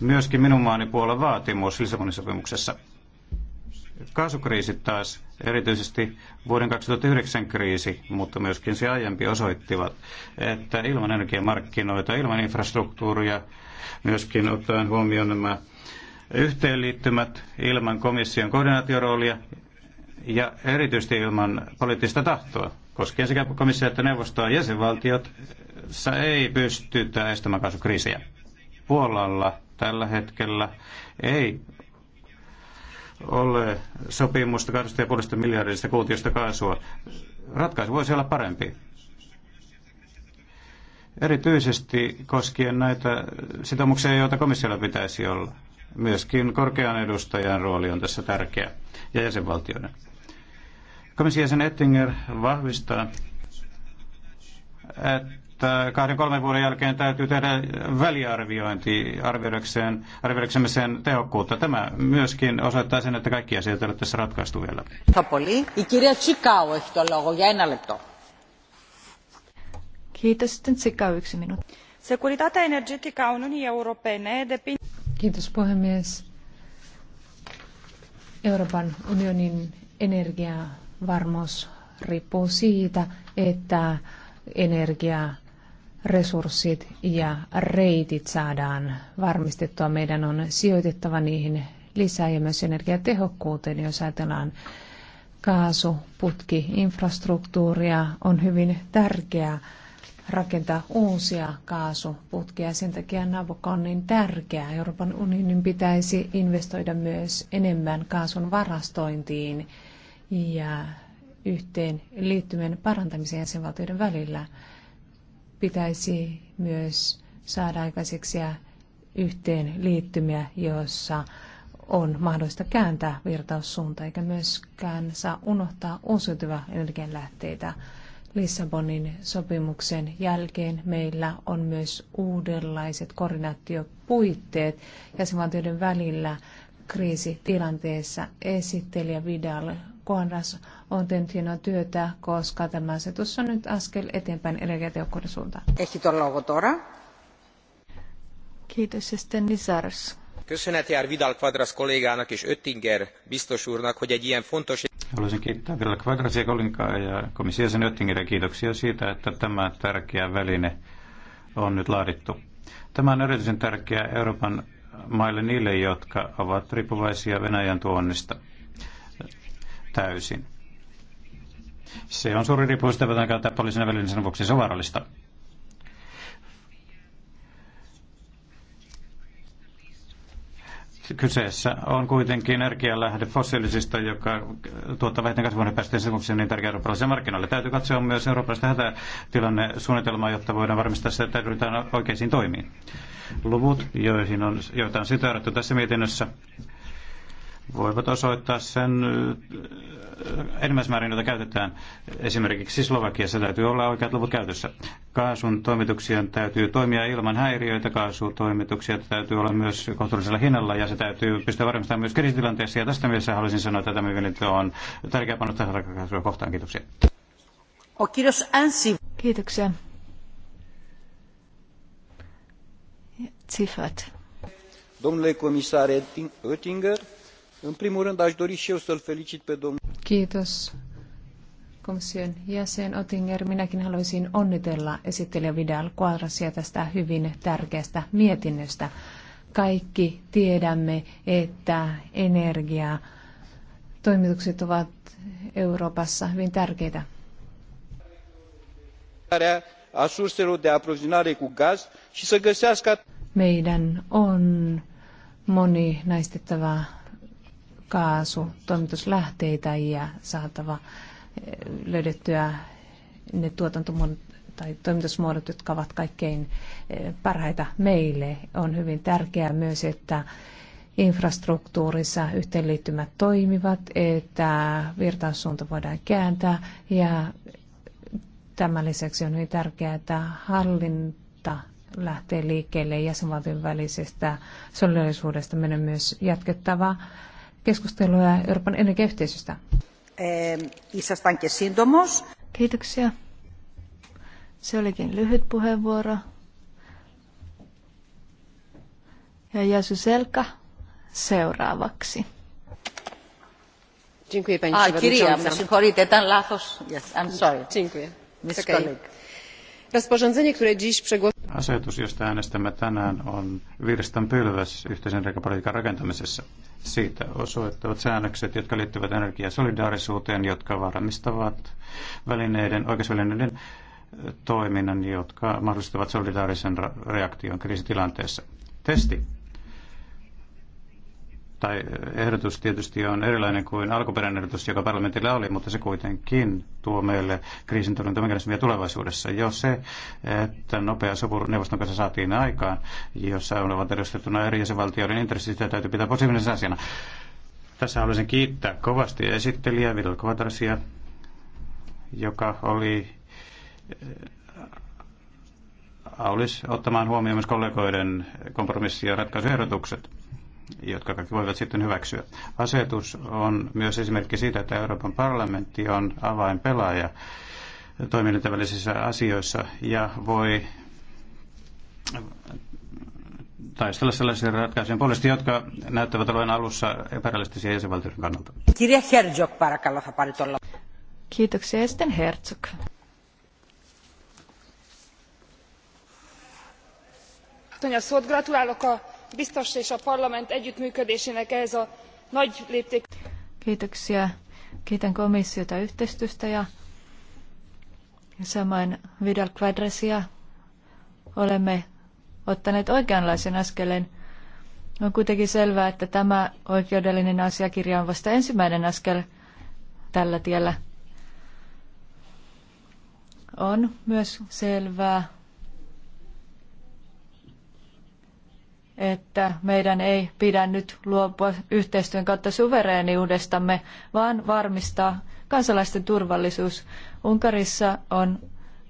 myöskin minun maani puolen vaatimus Lissabonin sopimuksessa. Kaasukriisit taas, erityisesti vuoden 2009 kriisi, mutta myöskin se aiempi osoittivat, että ilman energiamarkkinoita, ilman infrastruktuuria, myöskin ottaen huomioon nämä yhteenliittymät ilman komission koordinaatioroolia ja erityisesti ilman poliittista tahtoa, koskien sekä komissio että neuvostoa jäsenvaltiot, ei pystytä estämään kaasukriisiä. Puolalla tällä hetkellä ei ole sopimusta 2,5 miljardista kuutiosta kaasua. Ratkaisu voisi olla parempi. Erityisesti koskien näitä sitoumuksia, joita komissiolla pitäisi olla. Myöskin korkean edustajan rooli on tässä tärkeä ja jäsenvaltioiden. Komission jäsen Ettinger vahvistaa, että että kahden kolmen vuoden jälkeen täytyy tehdä väliarviointi arvioidakseen, arvioidaksemme sen tehokkuutta. Tämä myöskin osoittaa sen, että kaikki asiat eivät tässä ratkaistu vielä. Kiitos. Sitten Tsikau yksi minuutti. Securitatea energetică a Uniunii Europene depinde... Kiitos puhemies. Euroopan unionin energiavarmuus riippuu siitä, että energia resurssit ja reitit saadaan varmistettua. Meidän on sijoitettava niihin lisää ja myös energiatehokkuuteen, jos ajatellaan kaasu, putki, infrastruktuuria on hyvin tärkeää rakentaa uusia kaasuputkia. Sen takia Nabucco on niin tärkeää. Euroopan unionin pitäisi investoida myös enemmän kaasun varastointiin ja yhteen liittymien parantamiseen jäsenvaltioiden välillä pitäisi myös saada aikaiseksi ja yhteen liittymiä, joissa on mahdollista kääntää virtaussuunta, eikä myöskään saa unohtaa uusiutuvia energianlähteitä. Lissabonin sopimuksen jälkeen meillä on myös uudenlaiset koordinaatiopuitteet jäsenvaltioiden välillä kriisitilanteessa. Esittelijä Vidal Koanras on tehnyt hienoa työtä, koska tämä asetus on nyt askel eteenpäin energiatehokkuuden suuntaan. Kiitos ja sitten Lisaros. Köszönet jár Vidal Quadras kollégának és Öttinger biztos úrnak, hogy egy ilyen fontos... Haluaisin kiittää Vidal Quadrasia kollegaa ja komissiasen Öttingerin kiitoksia siitä, että tämä tärkeä väline on nyt laadittu. Tämä on erityisen tärkeä Euroopan maille niille, jotka ovat riippuvaisia Venäjän tuonnista täysin. Se on suuri riippuvuus, jota voidaan käyttää poliisin välinen niin sen vuoksi se on vaarallista. Kyseessä on kuitenkin energialähde fossiilisista, joka tuottaa vähiten kasvihuonepäästöjä sen niin tärkeä eurooppalaisia markkinoille. Täytyy katsoa myös eurooppalaista hätätilannesuunnitelmaa, jotta voidaan varmistaa se, että ryhdytään oikeisiin toimiin. Luvut, joihin on, joita on sitoutettu tässä mietinnössä, voivat osoittaa sen enimmäismäärin, joita käytetään esimerkiksi Slovakiassa, täytyy olla oikeat luvut käytössä. Kaasun toimituksien täytyy toimia ilman häiriöitä, kaasutoimituksia täytyy olla myös kohtuullisella hinnalla ja se täytyy pystyä varmistamaan myös kriisitilanteessa. Ja tästä mielessä haluaisin sanoa, että tämä on tärkeä panostaa kaasua kohtaan. Kiitoksia. Kiitoksia. Zifat. Domnule comisar Oettinger, În primul rând, aș dori și eu să-l felicit pe domnul... Kiitos komission jäsen Otinger. Minäkin haluaisin onnitella esittelijä Vidal Quadrasia tästä hyvin tärkeästä mietinnöstä. Kaikki tiedämme, että energia toimitukset ovat Euroopassa hyvin tärkeitä. Meidän on moninaistettava kaasu toimituslähteitä ja saatava eh, löydettyä ne tuotantomuodot tai toimitusmuodot, jotka ovat kaikkein eh, parhaita meille. On hyvin tärkeää myös, että infrastruktuurissa yhteenliittymät toimivat, että virtaussuunta voidaan kääntää ja tämän lisäksi on hyvin tärkeää, että hallinta lähtee liikkeelle jäsenvaltion välisestä solidarisuudesta. Meidän on myös jatkettava keskustelua Euroopan energiayhteisöstä. Kiitoksia. Se olikin lyhyt puheenvuoro. Ja Jasu Selka seuraavaksi. Dziękuję Pani Przewodnicząca. A, Kiria, przepraszam, ten lafos. Yes, I'm sorry. Dziękuję. Miss okay. colleague. Asetus, josta äänestämme tänään, on virstan pylväs yhteisen energiapolitiikan rakentamisessa. Siitä osoittavat säännökset, jotka liittyvät energiasolidaarisuuteen, jotka varmistavat välineiden, oikeusvälineiden eh, toiminnan, jotka mahdollistavat solidaarisen reaktion kriisitilanteessa. Testi tai ehdotus tietysti on erilainen kuin alkuperäinen ehdotus, joka parlamentilla oli, mutta se kuitenkin tuo meille kriisintorjuntamekanismia tulevaisuudessa. Jo se, että nopea sopu neuvoston kanssa saatiin aikaan, jossa ovat edustettuna eri jäsenvaltioiden intressit, sitä täytyy pitää positiivisena asiana. Tässä haluaisin kiittää kovasti esittelijä Vidal Kovatarsia, joka oli äh, aulis ottamaan huomioon myös kollegoiden kompromissi- ja ratkaisuehdotukset jotka kaikki voivat sitten hyväksyä. Asetus on myös esimerkki siitä, että Euroopan parlamentti on avainpelaaja toimintavälisissä asioissa ja voi taistella sellaisia ratkaisuja puolesta, jotka näyttävät olevan alussa epärealistisia jäsenvaltioiden kannalta. Kirja Herzog, parakalla Kiitoksia. Sitten Herzog. Gratulálok a biztos és a parlament együttműködésének ehhez a nagy léptékű... Kiitoksia. Kiitän komissiota yhteistyöstä ja samoin Vidal Quadrasia olemme ottaneet oikeanlaisen askeleen. On kuitenkin selvää, että tämä oikeudellinen asiakirja on vasta ensimmäinen askel tällä tiellä. On myös selvää, että meidän ei pidä nyt luopua yhteistyön kautta suvereeniudestamme, vaan varmistaa kansalaisten turvallisuus. Unkarissa on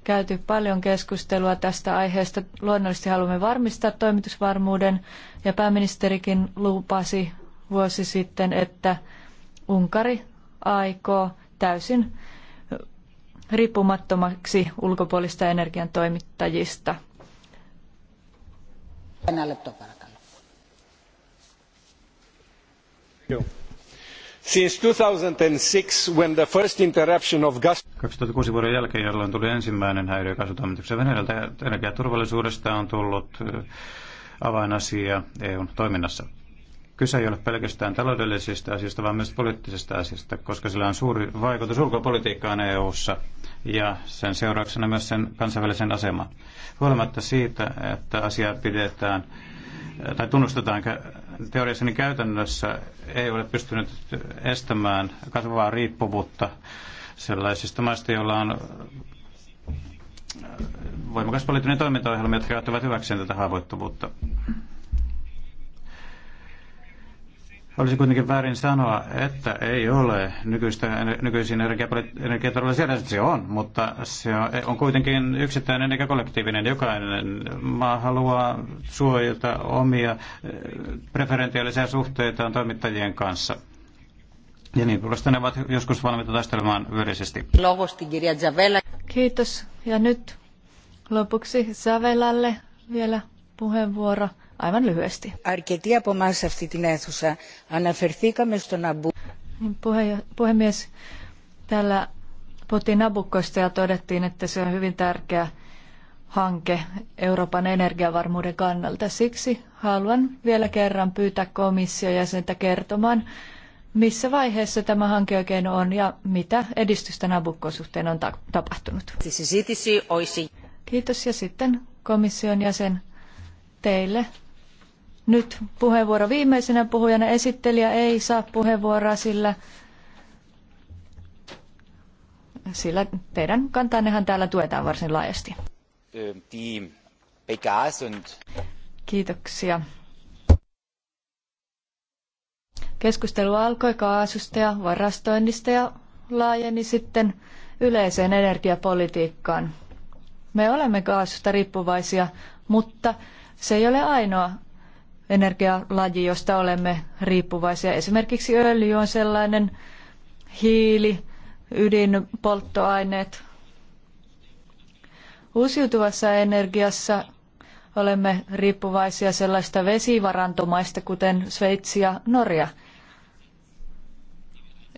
käyty paljon keskustelua tästä aiheesta. Luonnollisesti haluamme varmistaa toimitusvarmuuden ja pääministerikin lupasi vuosi sitten, että Unkari aikoo täysin riippumattomaksi ulkopuolista energiantoimittajista. Since 2006, jälkeen, jolloin tuli ensimmäinen häiriö kaasutoimituksen Venäjältä, energiaturvallisuudesta on tullut avainasia EUn toiminnassa. Kyse ei ole pelkästään taloudellisista asioista, vaan myös poliittisista asioista, koska sillä on suuri vaikutus ulkopolitiikkaan EUssa ja sen seurauksena myös sen kansainvälisen aseman. Huolimatta siitä, että asiaa pidetään tai tunnustetaan teoriassa, niin käytännössä ei ole pystynyt estämään kasvavaa riippuvuutta sellaisista maista, joilla on äh, voimakas poliittinen toimintaohjelma, jotka käyttävät hyväkseen tätä haavoittuvuutta. Olisi kuitenkin väärin sanoa, että ei ole nykyistä, nykyisin energiaturvallisuus. Se on, mutta se on, on kuitenkin yksittäinen eikä kollektiivinen. Jokainen maa haluaa suojata omia eh, preferentiaalisia suhteitaan toimittajien kanssa. Ja niin, puolestaan ne ovat joskus valmiita taistelemaan yleisesti. Kiitos. Ja nyt lopuksi Savelalle vielä puheenvuoro aivan lyhyesti. Αρκετοί από εμά σε αυτή την αίθουσα αναφερθήκαμε στο Ναμπού. Puhemies, täällä puhuttiin Nabukkosta ja todettiin, että se on hyvin tärkeä hanke Euroopan energiavarmuuden kannalta. Siksi haluan vielä kerran pyytää komission jäsentä kertomaan, missä vaiheessa tämä hanke oikein on ja mitä edistystä Nabukkoon suhteen on ta- tapahtunut? Siis Kiitos ja sitten komission jäsen teille nyt puheenvuoro viimeisenä puhujana. Esittelijä ei saa puheenvuoroa, sillä, sillä teidän kantannehan täällä tuetaan varsin laajasti. Kiitoksia. Keskustelu alkoi kaasusta ja varastoinnista ja laajeni sitten yleiseen energiapolitiikkaan. Me olemme kaasusta riippuvaisia, mutta se ei ole ainoa energialaji, josta olemme riippuvaisia. Esimerkiksi öljy on sellainen hiili, ydinpolttoaineet. Uusiutuvassa energiassa olemme riippuvaisia sellaista vesivarantomaista, kuten Sveitsi ja Norja.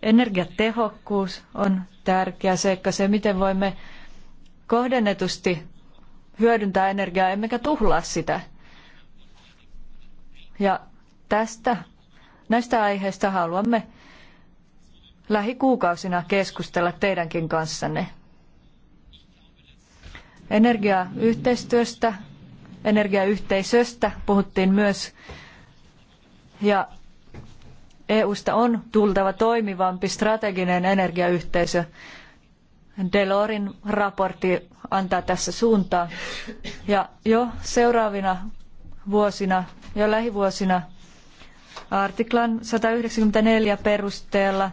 Energiatehokkuus on tärkeä seikka, se miten voimme kohdennetusti hyödyntää energiaa, emmekä tuhlaa sitä – ja tästä, näistä aiheista haluamme lähikuukausina keskustella teidänkin kanssanne. Energiayhteistyöstä, energiayhteisöstä puhuttiin myös ja EUsta on tultava toimivampi strateginen energiayhteisö. Delorin raportti antaa tässä suuntaa. Ja jo seuraavina vuosina ja lähivuosina artiklan 194 perusteella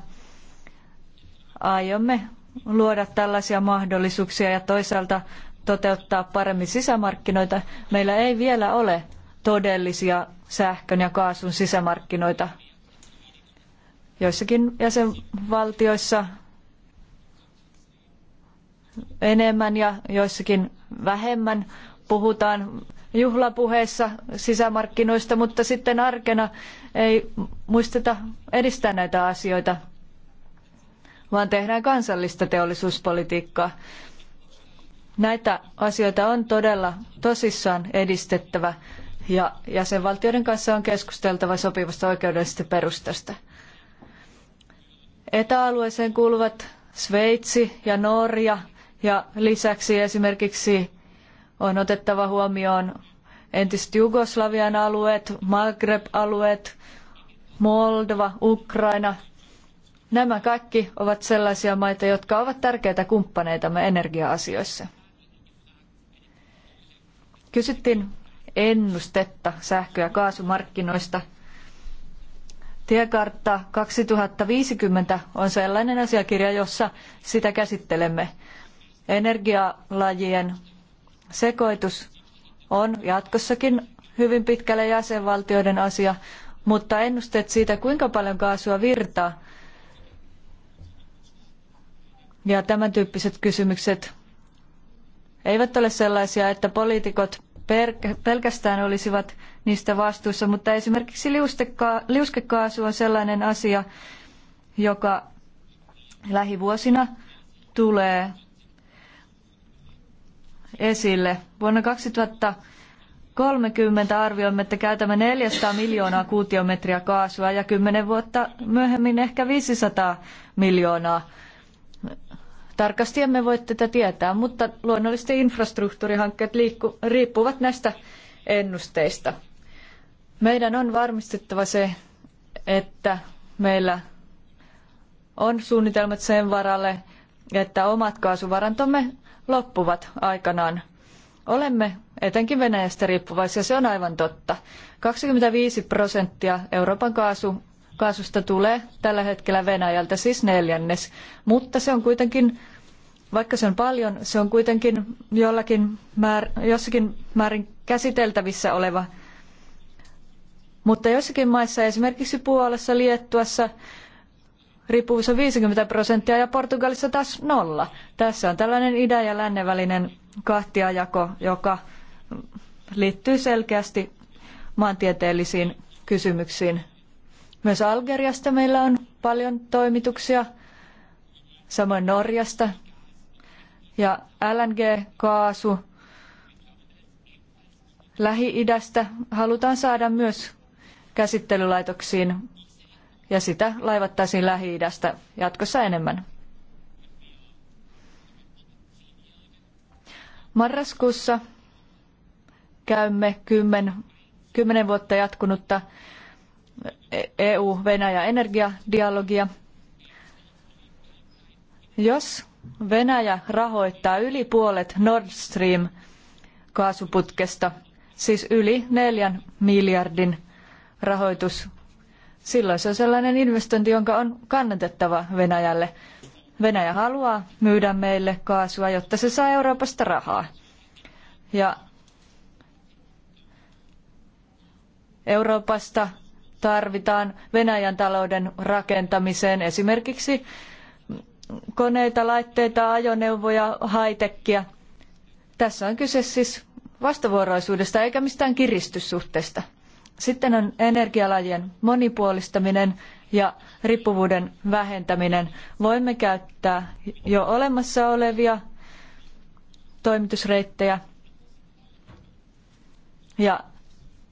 aiomme luoda tällaisia mahdollisuuksia ja toisaalta toteuttaa paremmin sisämarkkinoita. Meillä ei vielä ole todellisia sähkön ja kaasun sisämarkkinoita. Joissakin jäsenvaltioissa enemmän ja joissakin vähemmän puhutaan juhlapuheissa sisämarkkinoista, mutta sitten arkena ei muisteta edistää näitä asioita, vaan tehdään kansallista teollisuuspolitiikkaa. Näitä asioita on todella tosissaan edistettävä ja jäsenvaltioiden kanssa on keskusteltava sopivasta oikeudellisesta perustasta. Etäalueeseen kuuluvat Sveitsi ja Norja ja lisäksi esimerkiksi on otettava huomioon entiset Jugoslavian alueet, Maghreb-alueet, Moldova, Ukraina. Nämä kaikki ovat sellaisia maita, jotka ovat tärkeitä kumppaneitamme energia-asioissa. Kysyttiin ennustetta sähkö- ja kaasumarkkinoista. Tiekartta 2050 on sellainen asiakirja, jossa sitä käsittelemme. Energialajien Sekoitus on jatkossakin hyvin pitkälle jäsenvaltioiden asia, mutta ennusteet siitä, kuinka paljon kaasua virtaa ja tämän tyyppiset kysymykset eivät ole sellaisia, että poliitikot pelkästään olisivat niistä vastuussa, mutta esimerkiksi liuskekaasu on sellainen asia, joka lähivuosina tulee esille. Vuonna 2030 arvioimme, että käytämme 400 miljoonaa kuutiometriä kaasua ja kymmenen vuotta myöhemmin ehkä 500 miljoonaa. Tarkasti emme voi tätä tietää, mutta luonnollisesti infrastruktuurihankkeet liikku, riippuvat näistä ennusteista. Meidän on varmistettava se, että meillä on suunnitelmat sen varalle, että omat kaasuvarantomme loppuvat aikanaan. Olemme etenkin Venäjästä riippuvaisia, se on aivan totta. 25 prosenttia Euroopan kaasu, kaasusta tulee tällä hetkellä Venäjältä, siis neljännes. Mutta se on kuitenkin, vaikka se on paljon, se on kuitenkin jollakin määr, jossakin määrin käsiteltävissä oleva. Mutta joissakin maissa, esimerkiksi Puolassa, Liettuassa, riippuvuus on 50 prosenttia ja Portugalissa taas nolla. Tässä on tällainen idän ja lännen välinen kahtiajako, joka liittyy selkeästi maantieteellisiin kysymyksiin. Myös Algeriasta meillä on paljon toimituksia, samoin Norjasta. Ja LNG-kaasu Lähi-idästä halutaan saada myös käsittelylaitoksiin ja sitä laivattaisiin Lähi-idästä jatkossa enemmän. Marraskuussa käymme kymmen, kymmenen vuotta jatkunutta EU-Venäjä-energiadialogia. E Jos Venäjä rahoittaa yli puolet Nord Stream kaasuputkesta, siis yli neljän miljardin rahoitus silloin se on sellainen investointi, jonka on kannatettava Venäjälle. Venäjä haluaa myydä meille kaasua, jotta se saa Euroopasta rahaa. Ja Euroopasta tarvitaan Venäjän talouden rakentamiseen esimerkiksi koneita, laitteita, ajoneuvoja, haitekkiä. Tässä on kyse siis vastavuoroisuudesta eikä mistään kiristyssuhteesta. Sitten on energialajien monipuolistaminen ja riippuvuuden vähentäminen. Voimme käyttää jo olemassa olevia toimitusreittejä ja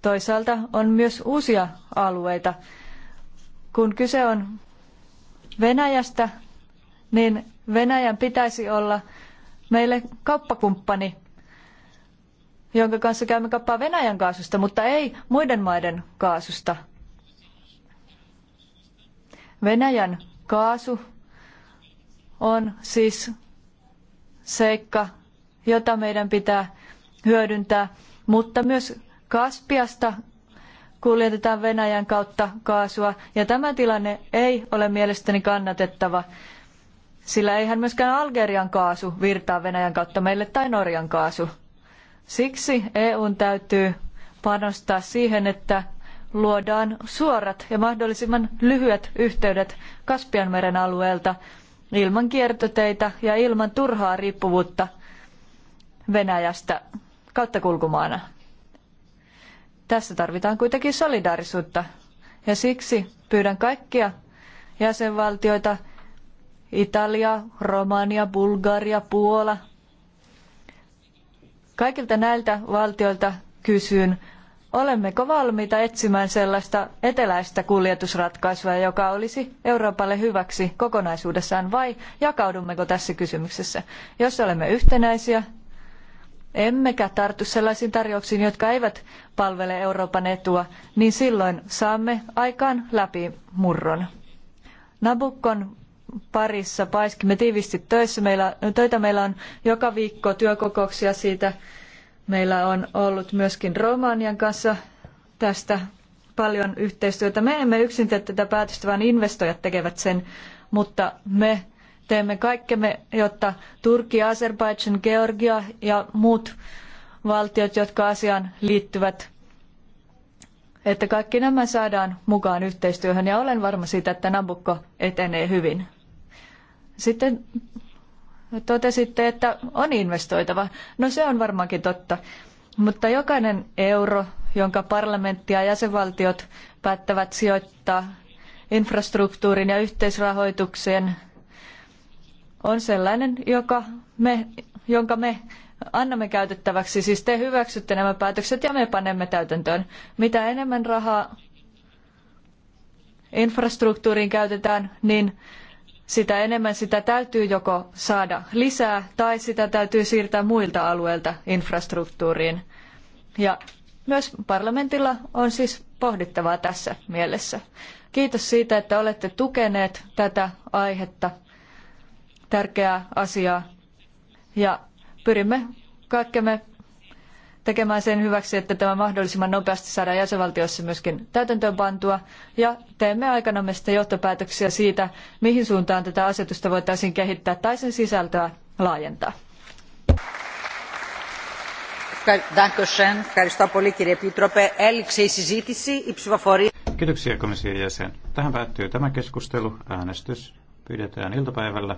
toisaalta on myös uusia alueita. Kun kyse on Venäjästä, niin Venäjän pitäisi olla meille kauppakumppani jonka kanssa käymme kappaa Venäjän kaasusta, mutta ei muiden maiden kaasusta. Venäjän kaasu on siis seikka, jota meidän pitää hyödyntää, mutta myös Kaspiasta kuljetetaan Venäjän kautta kaasua, ja tämä tilanne ei ole mielestäni kannatettava, sillä eihän myöskään Algerian kaasu virtaa Venäjän kautta meille tai Norjan kaasu. Siksi EUn täytyy panostaa siihen, että luodaan suorat ja mahdollisimman lyhyet yhteydet Kaspianmeren alueelta ilman kiertoteitä ja ilman turhaa riippuvuutta Venäjästä kauttakulkumaana. Tässä tarvitaan kuitenkin solidaarisuutta ja siksi pyydän kaikkia jäsenvaltioita, Italia, Romania, Bulgaria, Puola, Kaikilta näiltä valtioilta kysyn, olemmeko valmiita etsimään sellaista eteläistä kuljetusratkaisua, joka olisi Euroopalle hyväksi kokonaisuudessaan vai jakaudummeko tässä kysymyksessä? Jos olemme yhtenäisiä, emmekä tartu sellaisiin tarjouksiin, jotka eivät palvele Euroopan etua, niin silloin saamme aikaan läpimurron. Nabukkon parissa paiskimme tiivisti töissä. Meillä, töitä meillä on joka viikko työkokouksia siitä. Meillä on ollut myöskin Romanian kanssa tästä paljon yhteistyötä. Me emme yksin tee tätä päätöstä, vaan investoijat tekevät sen, mutta me teemme kaikkemme, jotta Turkki, Azerbaidžan, Georgia ja muut valtiot, jotka asiaan liittyvät, että kaikki nämä saadaan mukaan yhteistyöhön ja olen varma siitä, että Nabukko etenee hyvin. Sitten totesitte, että on investoitava. No se on varmaankin totta. Mutta jokainen euro, jonka parlamentti ja jäsenvaltiot päättävät sijoittaa infrastruktuurin ja yhteisrahoitukseen, on sellainen, joka me, jonka me annamme käytettäväksi. Siis te hyväksytte nämä päätökset ja me panemme täytäntöön. Mitä enemmän rahaa infrastruktuuriin käytetään, niin sitä enemmän sitä täytyy joko saada lisää tai sitä täytyy siirtää muilta alueilta infrastruktuuriin. Ja myös parlamentilla on siis pohdittavaa tässä mielessä. Kiitos siitä, että olette tukeneet tätä aihetta, tärkeää asiaa, ja pyrimme kaikkemme tekemään sen hyväksi, että tämä mahdollisimman nopeasti saadaan jäsenvaltiossa myöskin täytäntöönpantua ja teemme aikanamme sitten johtopäätöksiä siitä, mihin suuntaan tätä asetusta voitaisiin kehittää tai sen sisältöä laajentaa. Kiitoksia komission jäsen. Tähän päättyy tämä keskustelu. Äänestys pyydetään iltapäivällä.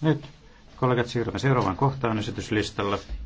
Nyt kollegat siirrymme seuraavaan kohtaan esityslistalla.